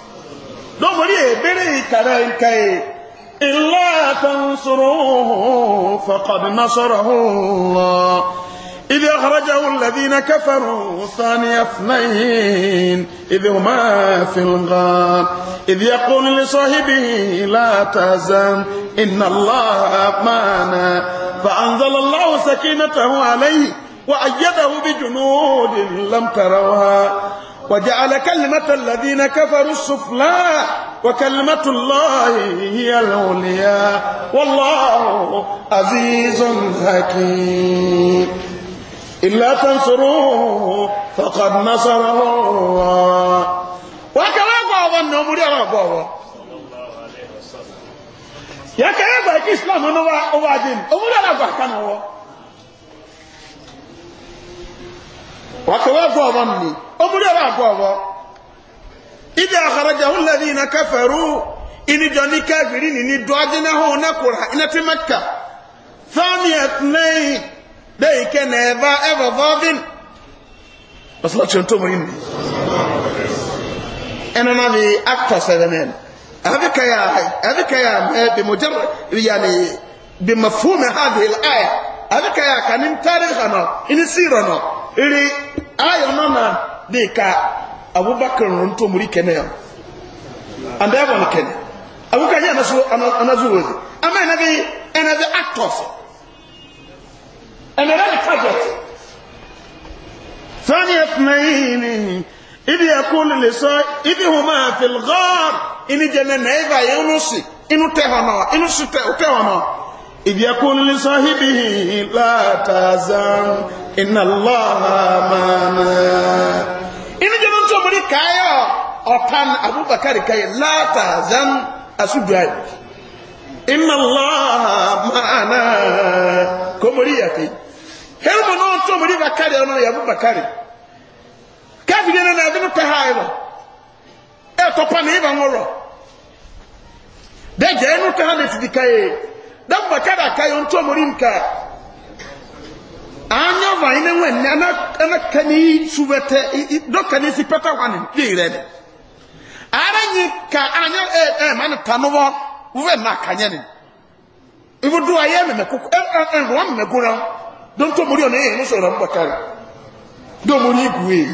Speaker 1: lọ́mọdé èbèrè ìkàrà nǹkan ẹ̀ ilá àtànsọ̀rọ̀ fọkàdì násọ̀rọ̀ lọ ibi ọ̀hárajá wùlẹ̀dí iná kẹfẹ̀rún sani afnayin ibi ọmọ filga ibi akọni sọhibi látàzán iná láàmánà fa'anzalallahu sakinatahu alayhi wa ayyadahu bi junudin lam وجعل كلمة الذين كفروا السفلى وكلمة الله هي العليا والله عزيز حكيم إلا تنصروه فقد نصره الله وكما قال النوم يا بابا يا كيف الإسلام هو واجب أمور الله كان هو وكوا فوضني أمري فوضا إذا خرجه الذين كفروا إن جاني كافرين إن دعجنا هنا نقرها إن في مكة ثاني اثنين بيك نيفا إفا ضاذن بس الله تشنتو مريم أنا ما في أكثر سنين هذيك يا هذيك يا بمجرد يعني بمفهوم هذه الآية هذيك يا كان تاريخنا إن سيرنا iri ayọ nọ na ka abubakar rụrụ ntụ omuri kene ya and everyone kene abubakar ya anazu anazu wezi ama enabi enabi actors enabi target ثاني اثنين إذ يقول لصاحب إذ هما في الغار إن جنة نيفا يونسي إنو تهانا إنو ibi تهانا إذ يقول لصاحبه لا تهزن inna allaha maana ini jama otan abubakar kayo la tahzan inna allaha maana ko helmo no bakari ono ya abubakar kafi na dinu ta hayo e to pa ni ba ngoro de je nu ta hande tidikaye nka anya va ine wenne ana ana kani subete do kani si peta wan dire ara nyi ka anya e e man na kanye ni ibu do aye me me kuku en en ro me gura don to muri ona e no e, so ro e.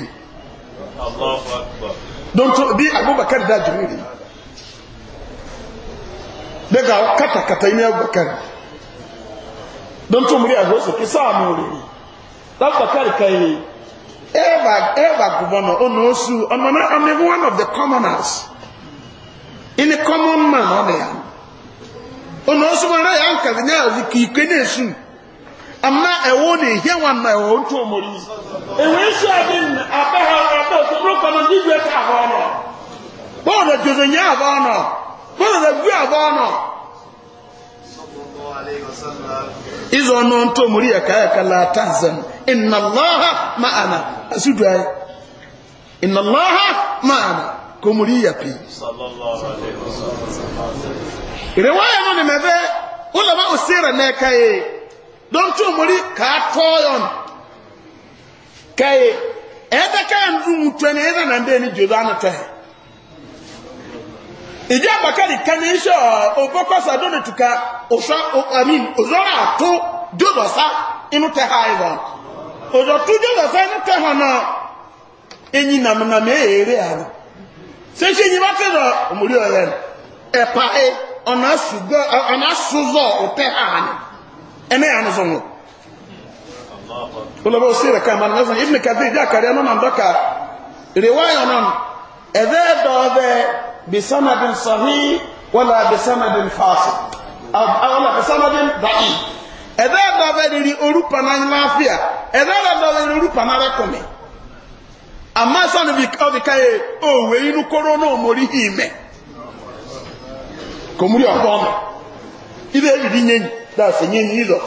Speaker 1: don to bi abubakar da Dr. Kaye, ever, ever governor, Onosu, I'm one of the commoners. In a common man, on there. Onosu, when I am Kavina, the Kikenesu. I'm not a warning here one my own two movies. And when she been after her, after of broken and did you have honor? What a Joseph Yavana? What a izo ọ̀nà tó múrí ẹ̀ka ẹ̀ka látàzan ìnàláha ma'ana asúdù ayé ìnàláha ma'ana kò múrí yàpì ìrẹ̀wáyà mọ́ ni mẹ́fẹ́ ulama òsèrè n'ẹ̀ka yẹ don tó múrí kàátọ́yọ̀n kẹ́yẹ ẹ̀ẹ́dẹ́kẹ́ ẹ̀ ń dùn mú tẹ́ni ẹ̀ẹ́dẹ́ nà ń dẹ́ni jòdó ànàtọ́ yẹ ìdí àbákàlì kẹni iṣẹ́ ọ̀pọ̀kọ́sà lónìí tuka òṣọ́rọ̀ àtó jòdọ̀sá inú tẹ́ha ìwọ̀n òṣọ́ tó jòdọ̀sá inú tẹ́ha náà ẹni nàmìnàmì èèrè àrùn ṣe ṣe yìí bá tẹ́lọ̀ òmùrí ọ̀rẹ́ ẹ̀pà ẹ ọ̀nà ṣùzọ̀
Speaker 3: òtẹ́ha ni
Speaker 1: ẹni àrùn sọ̀rọ̀ olùbọ̀ sí na kàmà بسند صحيح ولا بسند فاسد أو ولا بسند ضعيف ẹ̀dá àdáwẹ̀ rírí orúkọ náà láàfíà ẹ̀dá àdáwẹ̀ rírí orúkọ náà rẹ́kọ̀mẹ̀ àmọ́ sọ́nà bí ọ̀dìká yẹ òwe inú kóró náà mórí hìí mẹ́ kò múrí ọ̀pọ̀ ọ̀nà ilé ìrírí yẹn dáàsì yẹn yìí lọ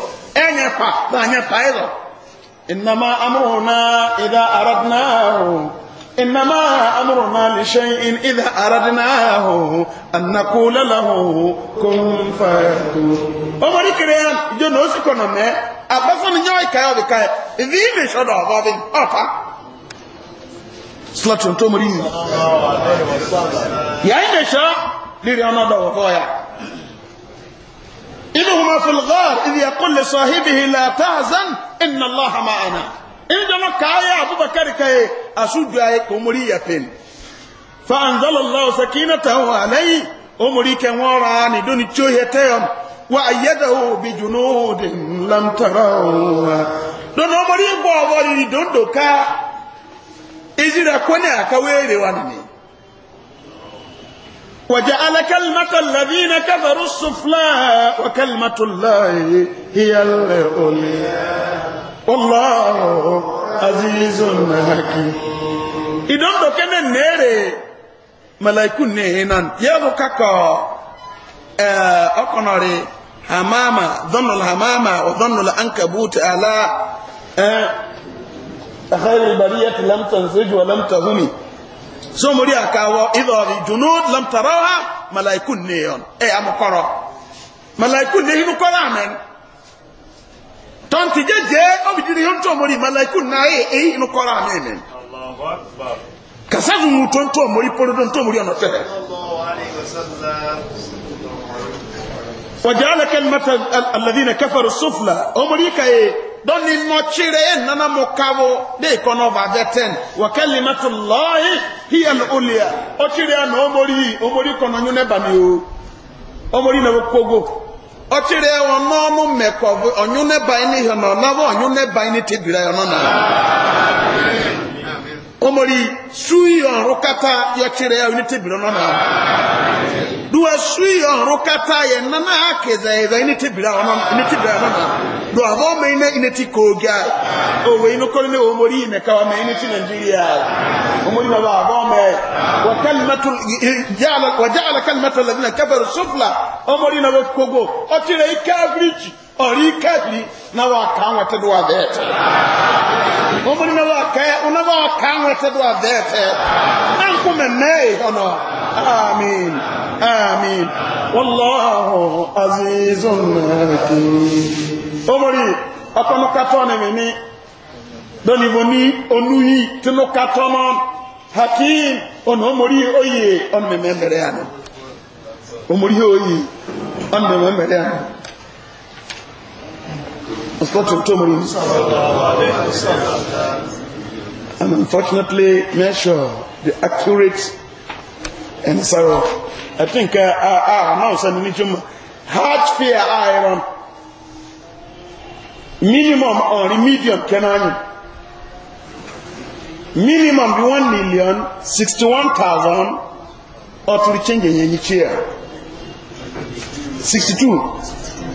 Speaker 1: ẹ̀yẹ pa náà yẹn pa ẹ̀ lọ ìnàmà amóhùn náà إنما أمرنا لشيء إذا أردناه أن نقول له كن فيكون أمري كريان جنوس كنما أبصر من يوم كيا بكاء ذي مش هذا هذا أفا سلطان تومري يا إنشاء لري أنا دوا فيا إنهما في الغار إذ يقول لصاحبه لا تعزن إن الله معنا injama kaya abubakar kai asudu ay ko muri yapen fa anzalallahu sakinatahu alayhi umri kan wara ni doni choyete wa ayyadahu bi junudin lam tarawha don umri bo wori don doka izira kone akawere wanni وجعل كلمة الذين كفروا السفلى وكلمة الله هي العليا والله عزيز حكيم idan doke ne nere malaikun ne hinan yego kaka eh okonore hamama dhannu alhamama wa dhannu alankabut ala eh khayr albariyat lam tanzij wa lam tahumi so mori akawo idha junud lam taraha malaikun ne yon eh amkoro malaikun ne hinu kora amen tọ́ntì jẹ́jẹ́ ọ́bìdìrí yóò tó mọ́rí mọ́láìkú náà èyí inú kọ́ra mẹ́mẹ́ kàsáàdù mú tó tó mọ́rí pọ́lọ́dọ́ tó mọ́rí ọ̀nà fẹ́rẹ̀ wàjálẹ̀ kẹ́lmẹ́tẹ̀ alàdínà kẹfẹ́rù sófùlà ọmọrí kàyé dọ́ni nana mọ́ káwọ́ dé ọba olùyà àná kọ́nà ọchịrị ẹwọ n'ọmụ mmekọ bụ ọnyụ n'eba anyị n'ihe nọ n'abụ ọnyụ n'eba anyị n'etebiri anyị nọ n'ala ọmọrị su ọrụ kata ya ọchịrị ẹwọ n'etebiri nọ n'ala duwa sui ɔnro kata yɛ nana akeza yɛ ne ti bira ɔnɔ ne ti bira ɔnɔ do avɔ mɛyi na ine ti kooga o wɛyi no kɔli ne mori yi mɛka wɔn mɛyi ne ti nigeria wɔn mori na ba avɔ mɛ wa kalimatu jaala wa jaala kalimatu ladina kabaru sufla wɔn mori na wɔ kogo ɔtí rɛ ika abiriji. ori kabiri na wa ka nwete do adete omuri na wa ka una wa nwete do adete na nkume nei ono amin amin wallahu azizun hakim omuri akono katone mimi doni boni onuyi tinu katono hakim ono omuri oye on memere ano omuri oye on memere ano Unfortunately, and unfortunately measure the accurate and sorrow. I think uh, uh, uh, now some minimum heart fear iron minimum or medium can I minimum be one million sixty one thousand or to change in any chair sixty two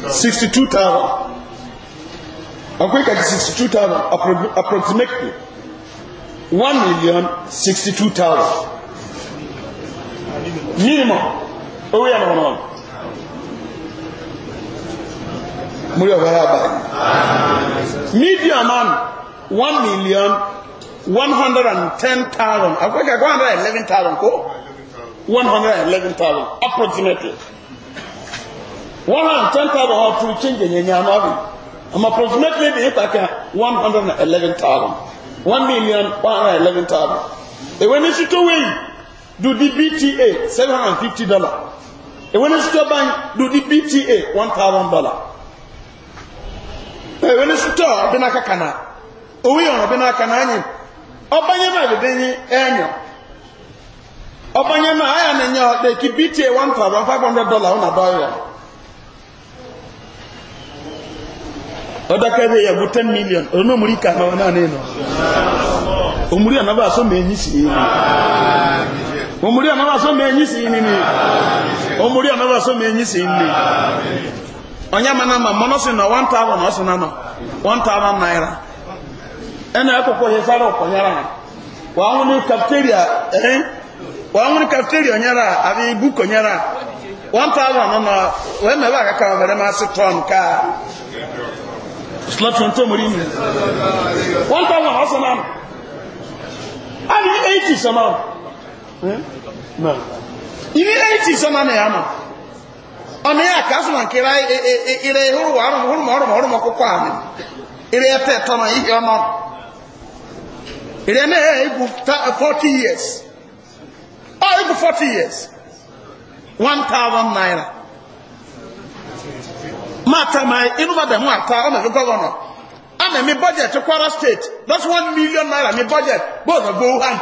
Speaker 1: sixty two thousand Africa 62,000 approximately. 1 million 62,000. Minimum. Oh yẹn lọ́wọ́ náà. Múlí ọ̀bá
Speaker 2: yà báyìí.
Speaker 1: man 1 million 110,000. Africa 111,000 kó? 111,000 approximately. 110,000 how to change the yẹn náà. I'm approximately the eleven thousand. 1 million 111,000. And when it's to win, do the BTA $750. And when it's to bank, do the BTA $1,000. And when it's to Benaka Kana, Owe on Benaka Nani, Obanye ma Benny Enyo. Obanye ma Ayanenyo, they keep BTA $1,500 on a dollar. ọdọkẹrẹ yẹ go ten million ọdún omori kan náà náà nínú omori àná bá sọmọ ẹyìn sí yìí ni omori àná bá sọmọ ẹyìn si yìí ni omori àná bá sọmọ yìí ni one thousand one thousand naira ẹnna ẹkọkọ yẹ sáré ní ẹhìn one thousand máa slapshon tó mọ̀rí ní 1000 ọ̀sán náà a ní 80 sọmọ́ ìní 80 sọmọ́ ní ẹ̀yà náà ọ̀nà yà kásùmà kíra ire ìhúrùwà ọ̀rùmọ̀ ọ̀kọ́kọ́ àmì ire ẹ̀tẹ̀ tọ́nà ìhì ọmọ ire náà ìbù 40 years oh ìbù 40 years 1000 naira mata mai inu ba da mu ata o na go ana mi budget to Kwara state that's one million naira mi budget both of go hand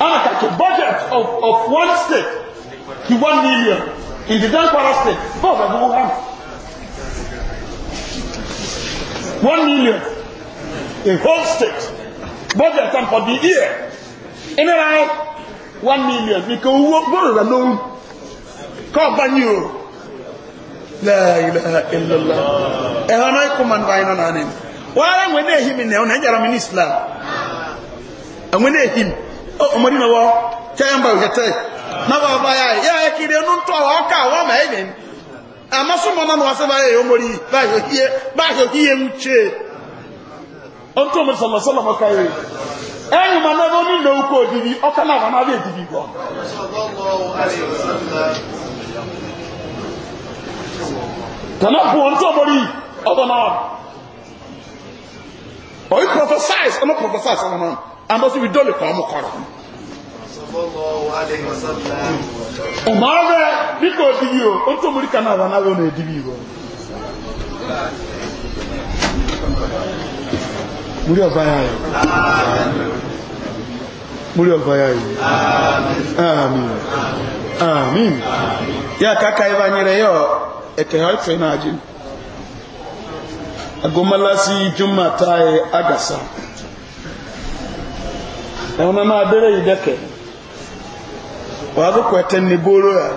Speaker 1: ana ka ke budget of of one state the one million in the Dan Kwara state both of go hand 1 million a whole state budget and for the year in around 1 million because we go go no come back you la ilaha illallah ẹ̀họ́ náà kò máa ń bá iná náà ni wọ́n na islam àwọn tana bu wọn tó mọ̀rí ọ̀dọ̀ náà ọ̀yí prophesize ọmọ prophesize ọmọ náà àmọ́sí wí dọ́lẹ̀ kọ́ ọmọ kọ́rọ̀ ọmọ ọrẹ nípa òdìbí o ó tó mọ̀rí kanáà wà náà wọn èdìbí o múrí ọ̀fà yáyì múrí ọ̀fà yáyì àmì àmì yá kákà ìbányẹrẹ yọ ɛkɛ ha fɛ na agye agomalasi Juma taae agasa ɛwona na adere yi dɛkɛ wado kwɛtɛ ne boro ya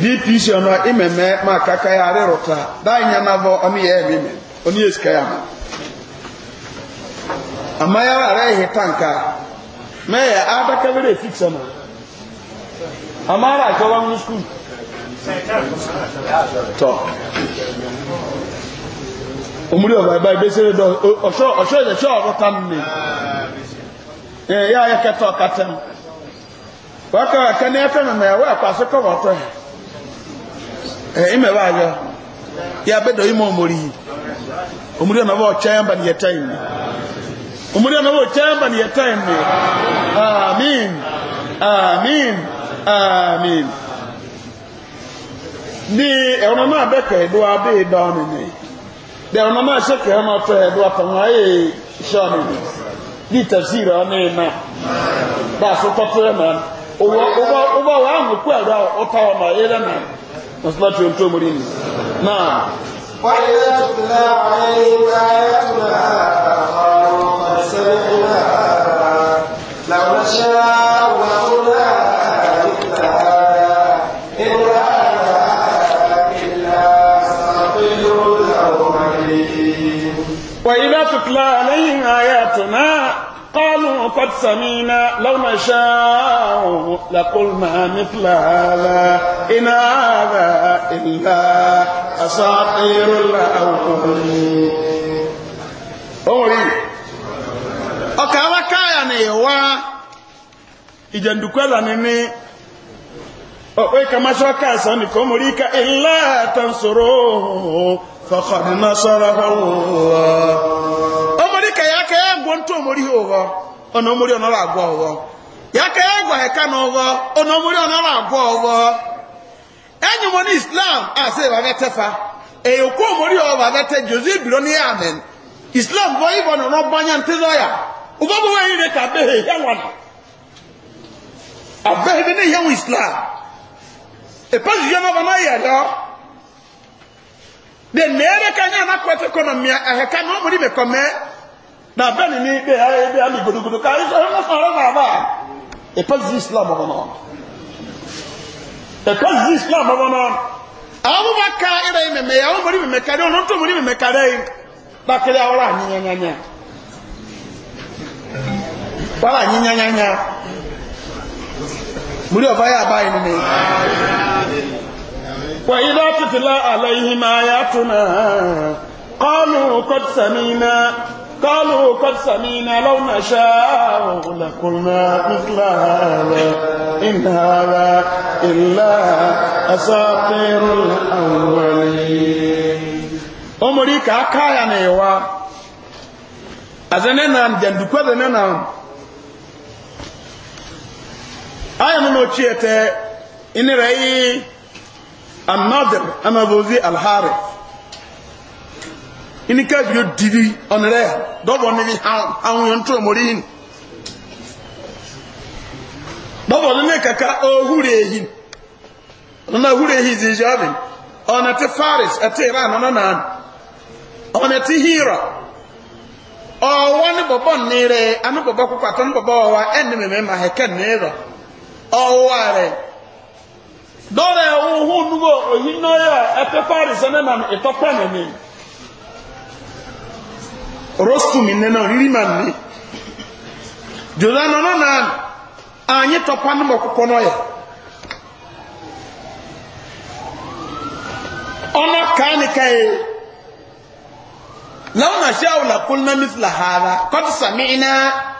Speaker 1: dpc ɔno imeme ma kaka ya are rota daa nya na bɔ ɔne yɛ ɛmɛmɛ ɔne yɛ sika ya ma ama ya ara yɛ tanka mɛ yɛ adaka bɛ de fixa ma ama ara akɔwa ŋun sukuu. tọ́ omúlé ọ̀bà ẹ̀bá ìgbésẹ̀rẹ̀ dọ̀ ọ̀ṣọ́ ìṣẹ̀ṣọ́ ọ̀rọ̀ tam ni yẹ́ ayẹ́ kẹta ọ̀katẹ́ mu wọ́n kọ́ ẹ̀kẹ́ ní ẹ̀fẹ́ mẹ́mẹ́ ẹ̀wọ́ ẹ̀kọ́ àṣekọ̀ wọ́n tọ́ ẹ̀ ìmẹ̀wá ayọ́ yẹ́ abẹ́dọ̀ ìmọ̀ òmòrì yìí omúlé ọ̀nà wọ́n ọ̀kyẹ́ yẹn bá nìyẹn tẹ́ yìí omúlé ọ̀nà wọ́n ọ̀kyẹ́ yẹn bá nìyẹn tẹ́ yìí amin amin amin. bí ẹ̀rọ náà bẹ̀kẹ̀ ẹ̀dọ́wà bí ìdá ọ̀nìyàn bí ẹ̀rọ náà ṣẹ̀kẹ̀ ẹ̀mọ tẹ ẹ̀dọ́wà tọ̀wọ̀n ayé iṣẹ́ ọ̀nìyàn bí tẹ̀sí rẹ̀ ọ̀nà iná bá a sọ tọ́tọ́ ẹ̀ náà ọba wa ahùn kú ẹ̀rọ ọ̀tá ni تتلى عليهم آياتنا قالوا قد سمينا لو نشاء لقلنا مثل هذا إن هذا إلا أساطير الأولين أولي أكاوا كايا نيوا إجندكوا لنني أوكي كما شوكا سنكم ريكا إلا تنصروه فقد نصره
Speaker 2: الله
Speaker 1: أمري ya ka ya gwa heka n'ụgwọ agwọ ụgwọ enyi mo ni islam asị ịbabẹ tefa eyokwu omori ọbabẹ jozi biro amen islam bụ na ọnọbanya ya ụbọ bụ nwaanyị re ka abeghi ihe nwana abeghi dị n'ihe nwa islam epezighị ọnọbana ya de mere ka nya na kwete ekonomi ehe ka na omuri me kome na beni ni be ayi be ami godogodo ka iso na fara na ba e pa zi islam ba non e pa zi islam ba non awu ba ka ire e me me ya omuri me me ka de onu to omuri me me ka de ba kele awra ni nya nya nya wala ni nya nya nya muri oba ya ba ni e ni وإذا تتلى عليهم آياتنا قالوا قد سمينا قالوا قد سمينا لو نشاء لقلنا مثل هذا إن هذا إلا أساطير الأولين أمريكا كايا نيوا أزننا جندكوا زننا آية من وشيته إن رأيي الناظر أما بوزي الحارث إني كاد يدري أن راه دوبو نبي هاو ينتو مورين دوبو لنكا كا أوهوريهين أنا أوهوريهي زي جابين أنا تفارس أتيران أنا نان أنا تهيرا ọwa ne bọbọ nnere ane bọbọ kọkọ atọ ne bọbọ ọwa ẹni mẹmẹ ma hẹkẹ nnere ọwa rẹ dɔwɛrɛ huhu nugo oyi nɔyɛ ɛpɛpɛri sɛnɛ na ɛtɔpɛ e nani rostu mi nɛnɛ oriri ma ni jòlá nɔnɔ na anyi tɔpa ne kɔkɔ nɔyɛ ɔnɔ kaa ni ka ye law na shaa'u la kulna mithla hadha qad sami'na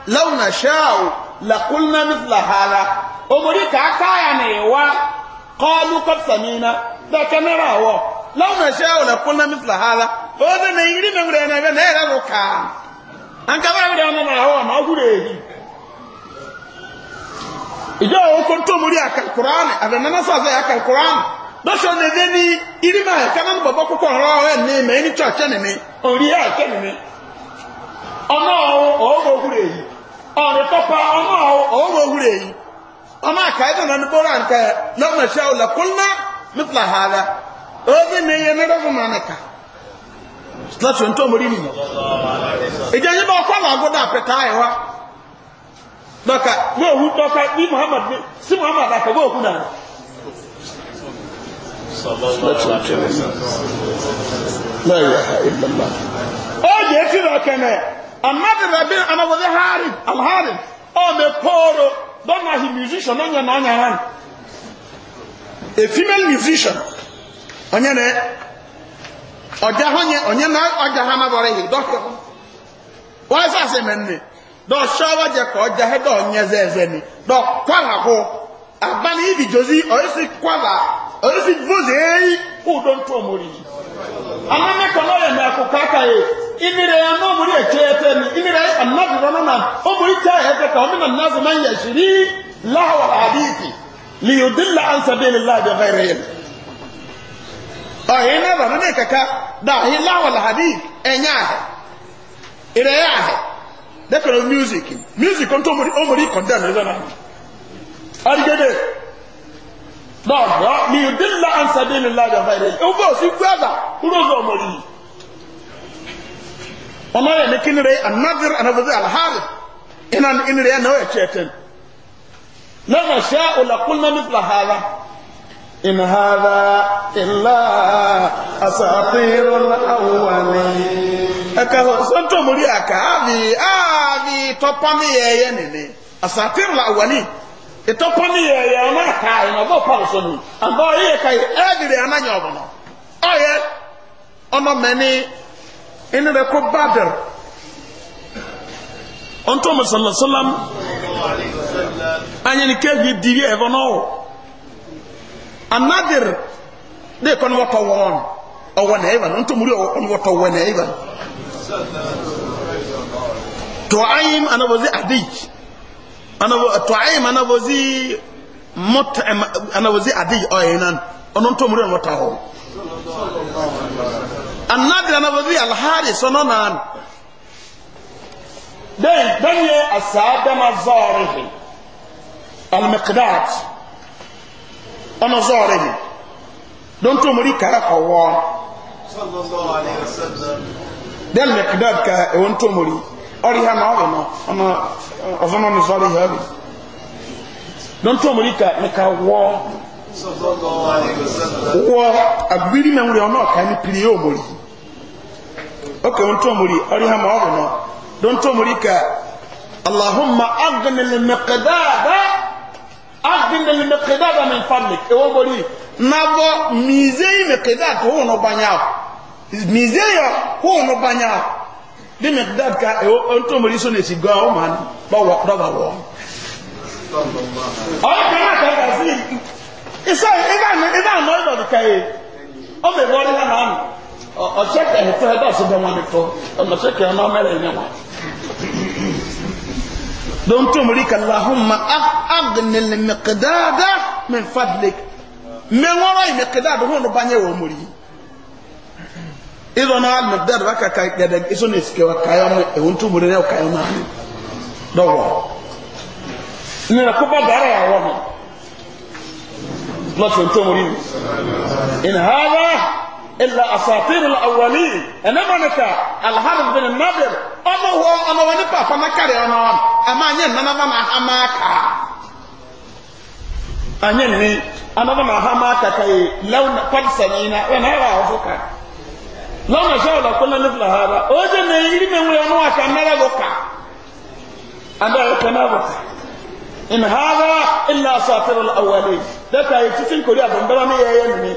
Speaker 1: law na shaa'u la kulna mithla hadha omori kaa kaa ya wa. قالوا قد سمينا ده كان راهو لو نشاء لقلنا مثل هذا هذا ما يريد من غيرنا بين هذا وكان أنك بعد أنا راهو ما أقول إيه ìjọ òun kò tó mórí àkàkùránì àbẹ̀mẹ́mẹ́ sọ̀sẹ̀ àkàkùránì lọ́sọ̀ nìdí ní irima ẹ̀ka náà bọ̀bọ̀ púpọ̀ ọ̀rọ̀ rẹ̀ ní ìmọ̀ ẹni tí ọ̀kẹ́ nìmi òrí ẹ̀kẹ́ nìmi ọ̀nà ọ̀hún ọ̀hún òwúrẹ̀ yìí ọ̀rẹ́ tọ́pa ọ̀nà ọ̀hún òwúrẹ̀ yìí ọmọ àkàyẹ́dọ̀ náà ní bọ́rọ̀ àǹkà lọ́nà ṣe ọ̀là kúnná mípìlà hàrá oge na iye mẹ́rẹ́fún máa nìkà láti ohun tó mú rí nìyẹn ìjẹ́ yín bá ọkọ̀ làgọ́dọ̀ àpẹta àìwá lọ́kà wọ́n òhun tọ́ka bí muhammad bí sí muhammad àkà wọ́n òhun náà ó yẹ kí lọ́kẹ́ náà amadu rabi amadu harim alharim ọ̀ mẹ́ pọ́ọ̀rọ̀ don't know he musician on your nana a female musician on your neck ọjà hàn yẹn ọ̀nyẹ́ náà ọjà hàn máa bọ̀rẹ̀ yìí dọ́kẹ́ don't wọ́n ẹ̀sẹ̀ àṣẹ mẹ́ni dọ́ ṣọ́wọ́ jẹ kọ́ ọjà hẹ́ don't ọ̀nyẹ́ zẹ́ẹ̀zẹ́ ni dọ́ kwara hó abáni ìdíjọ́sí ọ̀yẹ́sì kwara ọ̀yẹ́sì vóze èyí kó o don't ọmọ rẹ̀ yìí
Speaker 3: amane kɔnɔ yɛ mɛ
Speaker 1: ko kaka ye imire ya n'o muri ete ete mi imire ya na dɔrɔn na o muri ta yɛ ete ka o mina na zama yɛ siri lahawa hadithi liyudilla an sabili la bi ghayri ilm ɔhɛ na bana ne kaka da ɔhɛ lahawa hadithi ɛnya e ahɛ ire ya ahɛ de kɔnɔ music music kɔntɔ omori omori kɔndɛn ne zana arigede dɔgba liyudilla an sabili la bi ghayri ilm o bɛ o si gbɛza. kúròzò ọmọ yìí ọmọ rẹ̀ ní kínire alhari iná inire ẹ̀ náà ẹ̀kyẹ́ tẹ́m lọ́wọ́ ṣẹ́ ọ̀làkúnná ní flahara in hada illa asatiru awwali ẹ̀ka sọ́ńtò mórí àká àbí àbí tọ́pá mi yẹ ẹyẹ nìní asatiru awwali ìtọ́pá mi yẹ ẹyẹ ọmọ ẹ̀ka ọmọ mẹni inú rẹ kó bàbẹrẹ ọ̀ntọ́ mọ̀sálàsálàm anyi ni kéèjì dìrí ẹ̀fọ́ náà anadir dé kọ́ni wọ́tọ̀ wọ́n ọwọ́ náà ẹ̀fọ́ ọ̀ntọ́ múri ọ̀nà wọ́tọ̀ wọ́n náà ẹ̀fọ́ tọ́ ayim anabozi adik tọ́ ayim anabozi mọ́tẹ́ anabozi adik ọ̀yẹ́ náà ọ̀nà ọ̀ntọ́ múri ọ̀nà wọ́tọ̀ wọ́n anabira na babi alhari sɔnɔ nan den den ye asaadama zɔɔrihi alimikidaat ɔnɔ zɔɔrihi don tó mori kara kɔwɔ den mikidaat ka ewon tó mori ɔri ha na ɔbi nɔ ɔnɔ ɔfɔnɔ ni zɔɔrihi ɔbi don tó mori ka nika wɔ wɔ agbiri na wuli ɔnɔ kan ni pili yɛ omori. oke ntomuli ali hama hama ọ bụ ka alahu ma aginụlị mekedadha aginụlị mekedadha na nkwanye ewemuli nabwo mizeeyi mekedadha hu na ụba na akụ mizeeyi hu na ụba na akụ ndị ka ew etomuli so na esighi ga oma na ụba.
Speaker 2: Oya ike na-akarịba
Speaker 1: si. Iso ndị ndị ndị amaghịzọ ndị ka ebi. O mee n'olweghịza na ọnụ. ọ̀chẹ́ kẹ̀hìn fẹ́ bá ṣe bẹ́ẹ̀ wọn ni tó ọ̀nà ṣe kẹ̀hìn náà mẹ́rẹ̀ ẹ̀yẹ wọn. don tó mú rí kàláhùnmá agnil mẹ́kẹ̀dáadá me fadlik me yìí mẹ́kẹ̀dáadá wọn ló bá yẹ wọ́n mú rí. ìlọ náà mẹ́kẹ̀dáadá bá kàkà gẹ̀dẹ̀ ìṣó ní ìsìkè wa kàyọ́ mú ẹ̀wọ̀n tó mú rí rẹ̀ kàyọ́ náà ni dọ́wọ́. ìnira kó bá bàárẹ̀ yà wọ́n mi lọ́sọ̀ tó إلا أساطير الأولين إنما نكا الحرب بن النادر أما هو أما ونبا فما كاري أنا أما نين أنا بنا هماكا أنيني أنا بنا هماكا كي لو قد سنينا ونرى وفكا لو نشاء لكنا مثل هذا أوجن يجري من ويانوا كنا لبكا أنا يكنا بكا إن هذا إلا أساطير الأولين ذكا يتسين كوريا بندراني يا يمني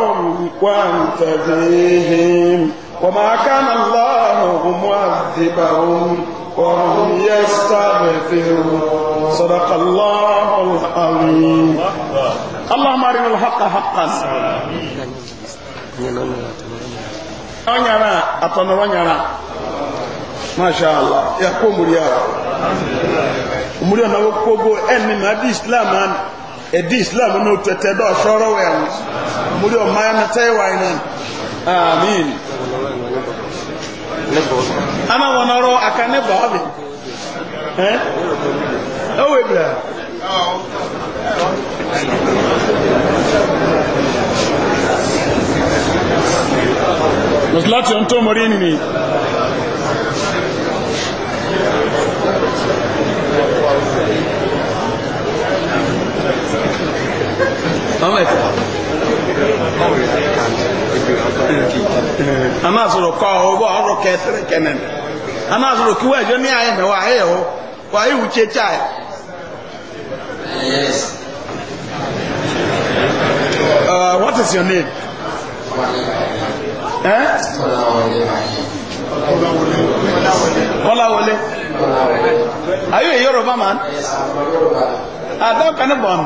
Speaker 1: وأنت فيهم وما كان الله معذبهم وهم يستغفرون صدق الله
Speaker 2: العظيم
Speaker 1: اللهم أرنا الحق حقا أنيرا أتنور أنيرا ما شاء الله يقوم اليوم أمريكا نوكوغو أن من هذه الإسلام edi islam ní òtẹ̀tẹ̀ dọ́ ṣọ́rọ̀ wẹ̀rún múrí ọmọ ẹni tẹ́wà iná amin ana wọn ọrọ akanibọ ọbẹ ẹ ọwọ ebira eh? lọtí láti ọ̀ntọ́ mọ̀rí nìyí ama sọrọ kọ ọ bọ ọrọ kẹsìrì kẹnẹ ama sọrọ kí wọ́n ní ayé mẹ́wàá ayé yẹ wọ́ wọ́n ayé wù tiẹ̀ tíya yẹ. what is your name? Kọ́láwọlé. Eh? Are you a Yoruba man? Yes, I'm a Yoruba. Àdọ́kànnì bọ̀ nù.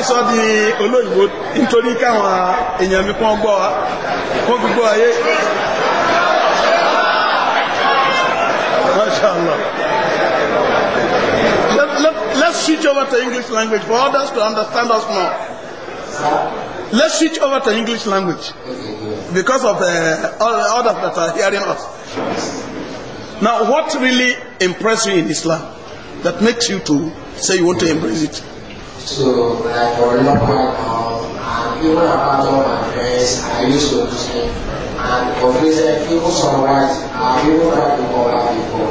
Speaker 1: kẹsọ di olóyìnbó nítorí káwọn èèyàn mi kún gbọ́ wa kún gbogbo ayé let, let, let's switch over to english language for others to understand us more let's switch over to english language because of uh, all the others that are hearing us now what really impressed you in islam that makes
Speaker 2: you to say you want to embrace it So when for a long while now, and even apart from my friends, I used to do Muslim. And for reason, people survive, and uh,
Speaker 3: people try to cover people.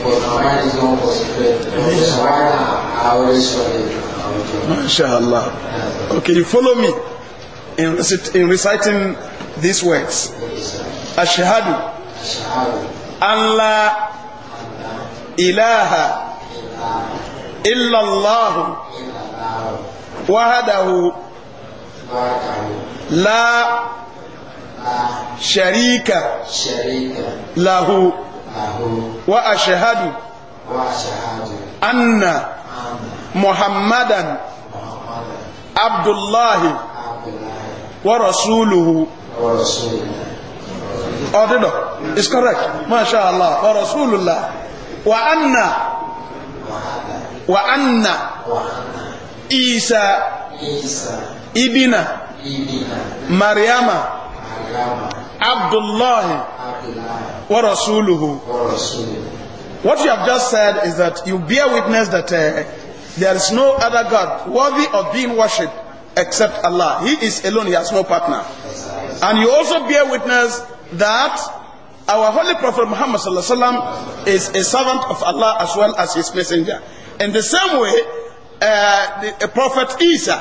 Speaker 3: But my mind is not concentrated. So why now, I always struggle.
Speaker 1: Uh, MashaAllah. Okay, you follow me in, in reciting these words. Ashhadu an la ilaha illallah وهده لا شريك له وأشهد أن محمدا عبد الله ورسوله أدد oh, is correct ما شاء الله ورسول الله وأن وأن isa ibina mariama abdullahi wa rasuluhu what you have just said is that you bear witness that uh, there is no other god worthy of being worshipped except allah he is alone he has no partner and you also bear witness that our holy prophet muhammad is a servant of allah as well as his messenger in the same way Uh, the, prophet Isa,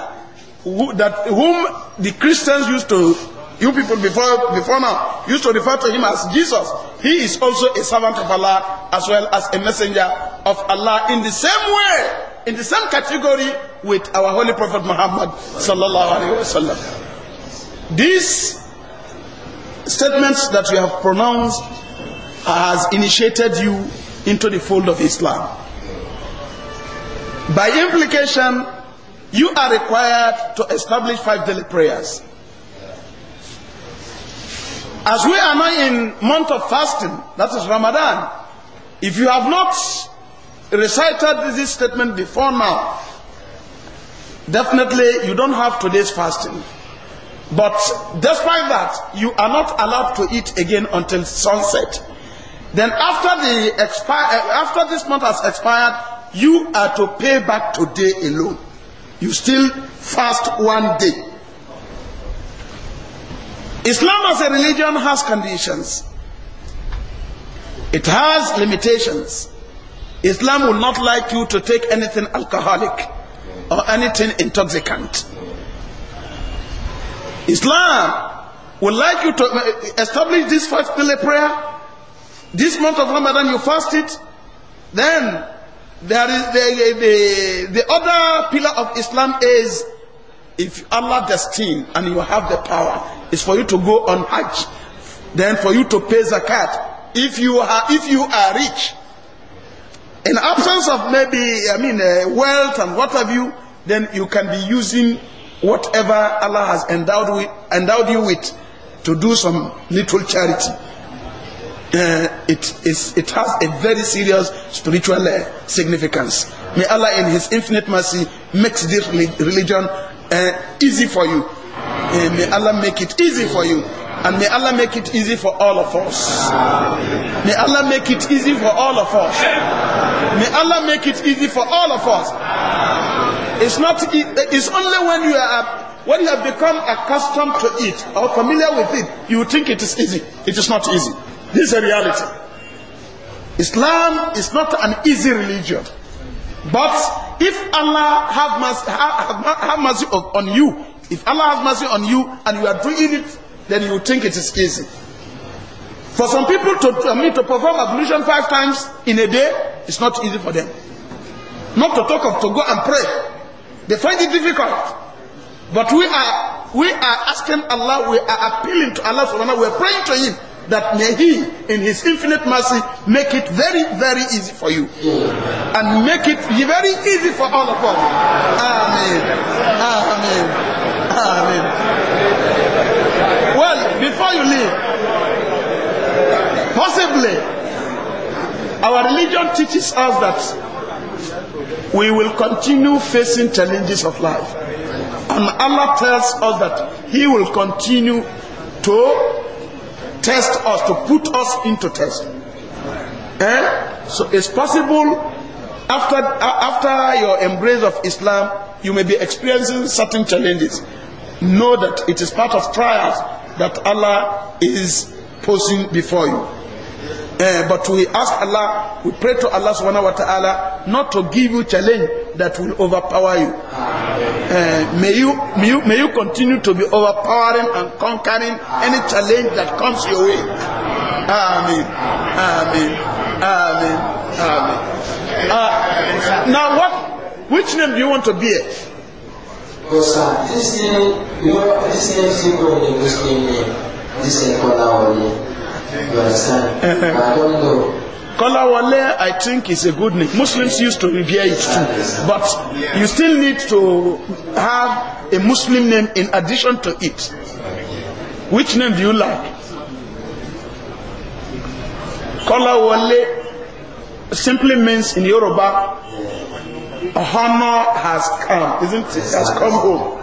Speaker 1: who, that whom the Christians used to, you people before before now used to refer to him as Jesus. He is also a servant of Allah as well as a messenger of Allah in the same way, in the same category with our holy prophet Muhammad sallallahu alaihi wasallam. These statements that you have pronounced has initiated you into the fold of Islam. By implication, you are required to establish five daily prayers. As we are now in month of fasting, that is Ramadan, if you have not recited this statement before now, definitely you don't have today's fasting. But despite that, you are not allowed to eat again until sunset. Then after the expi- eh, after this month has expired, you are to pay back today alone. You still fast one day. Islam as a religion has conditions. It has limitations. Islam will not like you to take anything alcoholic or anything intoxicant. Islam would like you to uh, establish this five pillar prayer. This month of Ramadan you fast it. Then there is the, the, the other pillar of Islam is if Allah destined and you have the power, is for you to go on Hajj, then for you to pay zakat. If you are if you are rich, in absence of maybe I mean uh, wealth and what have you, then you can be using whatever Allah has endowed with endowed you with to do some little charity. Eh, it, is, it has a very serious spiritual eh, significance. May Allah, in His infinite mercy, makes this religion eh, easy for you. may Allah make it easy for you. And may Allah make it easy for all of us. May Allah make it easy for all of us. May Allah make it easy for all of us. It's not. It's only when you are when you have become accustomed to it or familiar with it, you think it is easy. It is not easy. This is a reality. Islam is not an easy religion. But if Allah have mercy, have, have mercy on you, if Allah has mercy on you and you are doing it, then you think it is easy. For some people to, I mean, to perform ablution five times in a day, it's not easy for them. Not to talk of to go and pray. They find it difficult. But we are, we are asking Allah, we are appealing to Allah subhanahu, we are praying to Him that may He, in His infinite mercy, make it very, very easy for you. And make it very easy for all of us. Amen. Amen. Amen. Well, before you leave, possibly, our religion teaches us that we will continue facing challenges of life. And Allah tells us that He will continue to test us, to put us into test. Eh? So it's possible after, after your embrace of Islam, you may be experiencing certain challenges. Know that it is part of trials that Allah is posing before you. Uh, but we ask Allah, we pray to Allah subhanahu wa ta'ala not to give you challenge that will overpower you. Uh, may you, may you. May you continue to be overpowering and conquering any challenge that comes your way. Amen. Amen. Amen. Amen. Uh, now
Speaker 2: what, which
Speaker 1: name do you want to be? Yes, This name,
Speaker 2: you know, this name is name, this name, this name, this name,
Speaker 1: Kolawale, I think, is a good name. Muslims used to revere it too. But you still need to have a Muslim name in addition to it. Which name do you like? Kolawale simply means in Yoruba, honor has come, isn't it? Has come home.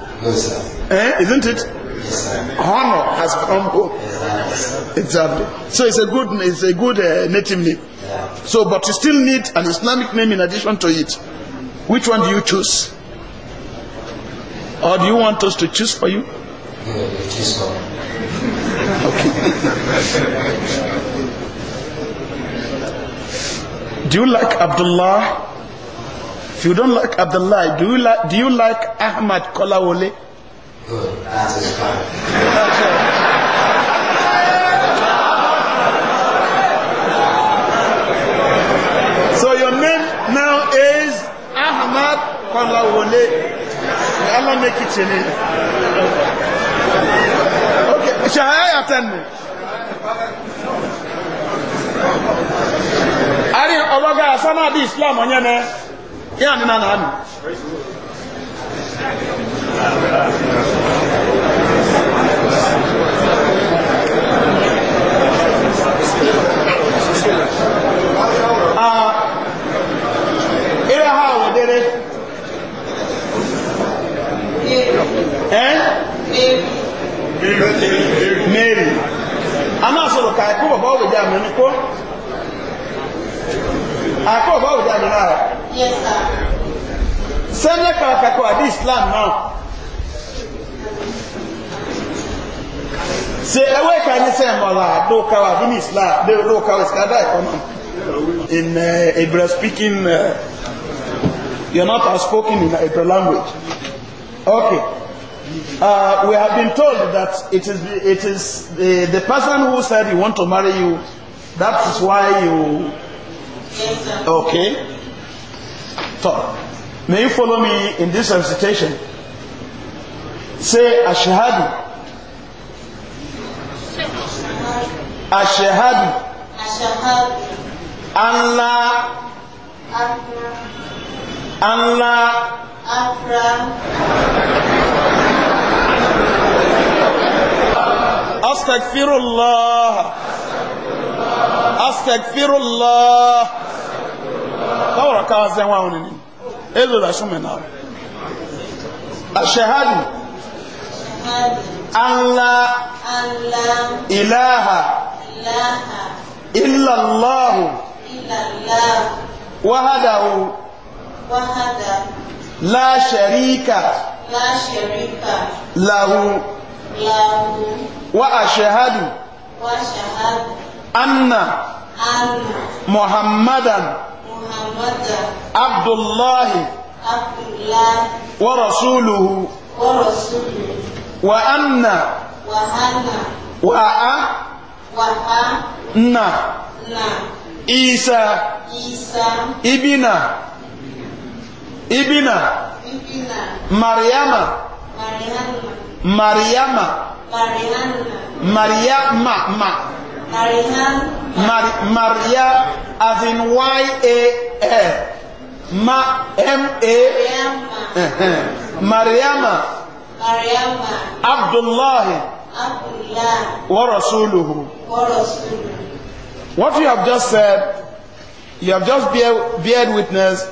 Speaker 1: Eh? Isn't it? Honor has come home. Exactly. So it's a good, it's a good uh, native name. So, but you still need an Islamic name in addition to it. Which one do you choose? Or do you want us to choose for you? Okay. do you like Abdullah? If you don't like Abdullah, do you like, do you like Ahmad Kolawole?
Speaker 2: Good. That is fine.
Speaker 1: So your name now is Ahmad Kolawole. Allah make it your name. Okay, shall I attend me? Ari ọlọ́gá asánà bí Islam ọ̀nyẹ́ mẹ́, yíà nínú àná àmì. rere
Speaker 2: mary a
Speaker 1: máa sọ̀rọ̀ ká ẹkú bàbá òwe jẹ́ àmì nípò àkọ́ bàbá òwe jẹ́ àmì náà sẹ́nẹ́ kàkàkọ́ àdí islam náà se ẹwọ́ ẹ̀ka ní sẹ́ mọ̀lá dókàwà bí ní islam dókàwà ìsìkádà ẹ̀kọ́ náà in uh, a breastfeeding uh, are not as spoken in the language. Okay. Uh, we have been told that it is, it is the, the person who said he want to marry you, that is why you... Okay. So, may you follow me in this recitation. Say, Ashahadu. Ashahadu.
Speaker 2: Ashahadu. Allah. Allah. الله أكرم
Speaker 1: أستغفر الله أستغفر الله دورة كازين وعونني إذا لا أشهد
Speaker 2: أن لا
Speaker 1: إله إلا الله وحده
Speaker 2: وحده
Speaker 1: لا شريك
Speaker 2: لا شريك
Speaker 1: له
Speaker 2: له
Speaker 1: وأشهد
Speaker 2: وأشهد أن أن
Speaker 1: محمدا
Speaker 2: محمدا
Speaker 1: عبد الله
Speaker 2: عبد الله
Speaker 1: ورسوله
Speaker 2: ورسوله وأن وأن وأ وأ
Speaker 1: نا عيسى عيسى ابن ibina mariama mariama
Speaker 2: mariama
Speaker 1: ma ma. maria as in y-a-l ma m-a mariama abdullahi ورسوله What you have just said, you have just bear, bear witness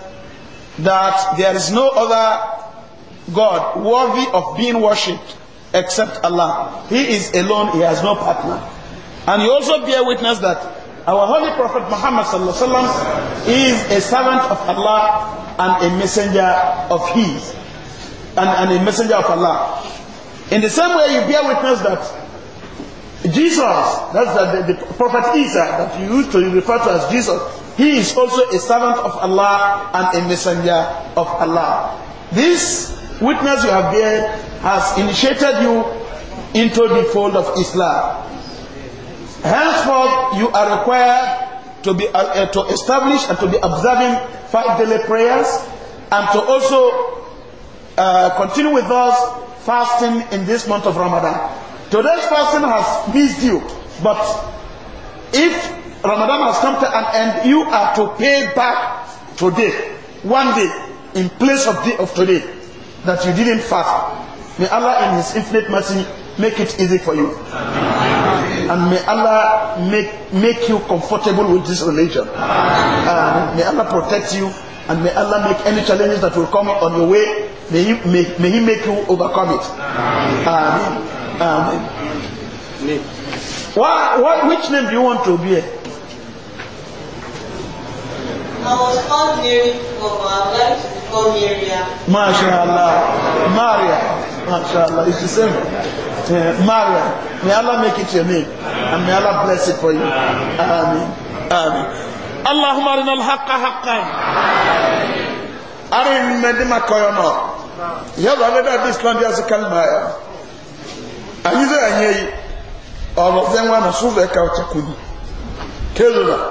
Speaker 1: that there is no other God worthy of being worshipped except Allah. He is alone, He has no partner. And you also bear witness that our Holy Prophet Muhammad is a servant of Allah and a messenger of His, and, and a messenger of Allah. In the same way, you bear witness that Jesus, that's the, the, the Prophet Isa that you used to refer to as Jesus, He is also a servant of Allah and a messenger of Allah. This witness you have bear has initiated you into the fold of Islam. Henceforth, you are required to be uh, uh, to establish and to be observing five daily prayers, and to also uh, continue with us fasting in this month of Ramadan. Today's fasting has missed you, but if Ramadan has come to an end. You are to pay back today, one day, in place of, day, of today, that you didn't fast. May Allah in His infinite mercy make it easy for you. Amen. And may Allah make, make you comfortable with this religion. Amen. may Allah protect you and may Allah make any challenges that will come on your way, may He, may, may he make you overcome it. Amen. Amen. Amen. What, what, which name do you want to be?
Speaker 2: I was for my life to become
Speaker 1: Maria. Maria. It's the same. Uh, Maria. May Allah make it your name. And may Allah bless it for you. Amen. Amen. اللهم ارنا الحق حقا ارن مدما كوينو يلا بدا الاسلام يا كلمه اني زي اني او زين وانا سوف كاوتكوني كذا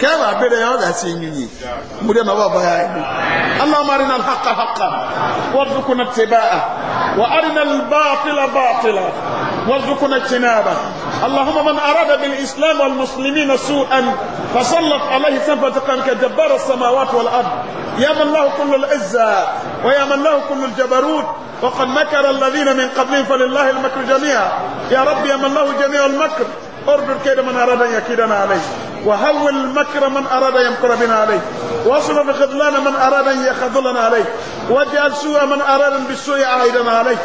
Speaker 1: كما بدا يوضع سيني مودي ما بابا اللهم ارنا الحق حقا وارزقنا اتباعه وارنا الباطل باطلا وارزقنا اجتنابه اللهم من اراد بالاسلام والمسلمين سوءا فسلط عليه سنفة كجبار السماوات والارض يا من له كل العزه ويا من له كل الجبروت وقد مكر الذين من قبلهم فلله المكر جميعا يا رب يا من له جميع المكر اردد كيد من أراد أن يكيدنا عليه وهول المكر من أراد أن يمكر بنا عليه واصل خذلان من أراد أن يخذلنا عليه واجعل سوء من أراد بالسوء عائدنا عليه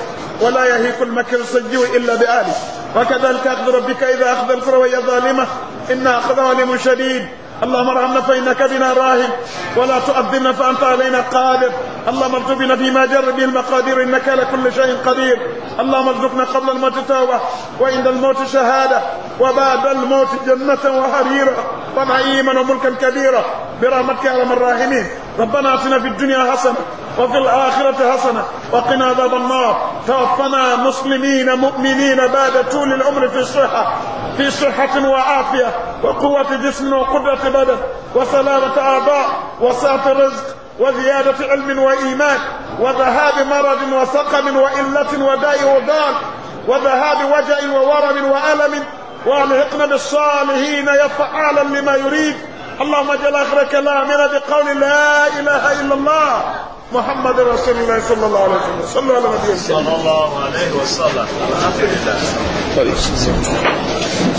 Speaker 1: ولا يهيك المكر السجيو إلا بآله وكذلك أخذ ربك إذا أخذ القرى وهي ظالمة إن أخذها لم شديد اللهم ارحمنا فإنك بنا راهب ولا تؤذنا فأنت علينا قادر اللهم ارزقنا فيما جر به المقادير إنك على كل شيء قدير اللهم ارزقنا قبل الموت توبة وعند الموت شهادة وبعد الموت جنة وحريرا ونعيما وملكا كبيرا برحمتك يا ارحم الراحمين ربنا اتنا في الدنيا حسنة وفي الآخرة حسنة وقنا عذاب النار توفنا مسلمين مؤمنين بعد طول العمر في الصحة في صحة وعافية وقوة جسم وقدرة بدن وسلامة أعضاء وسعة رزق وزيادة علم وإيمان وذهاب مرض وسقم وإلة وداء ودان وذهاب وجع وورم وألم وألهقنا بالصالحين يا لما يريد اللهم اجعل آخر كلامنا بقول لا إله إلا الله
Speaker 2: محمد رسول الله صلى الله عليه وسلم صلى الله عليه وسلم صلى الله عليه وسلم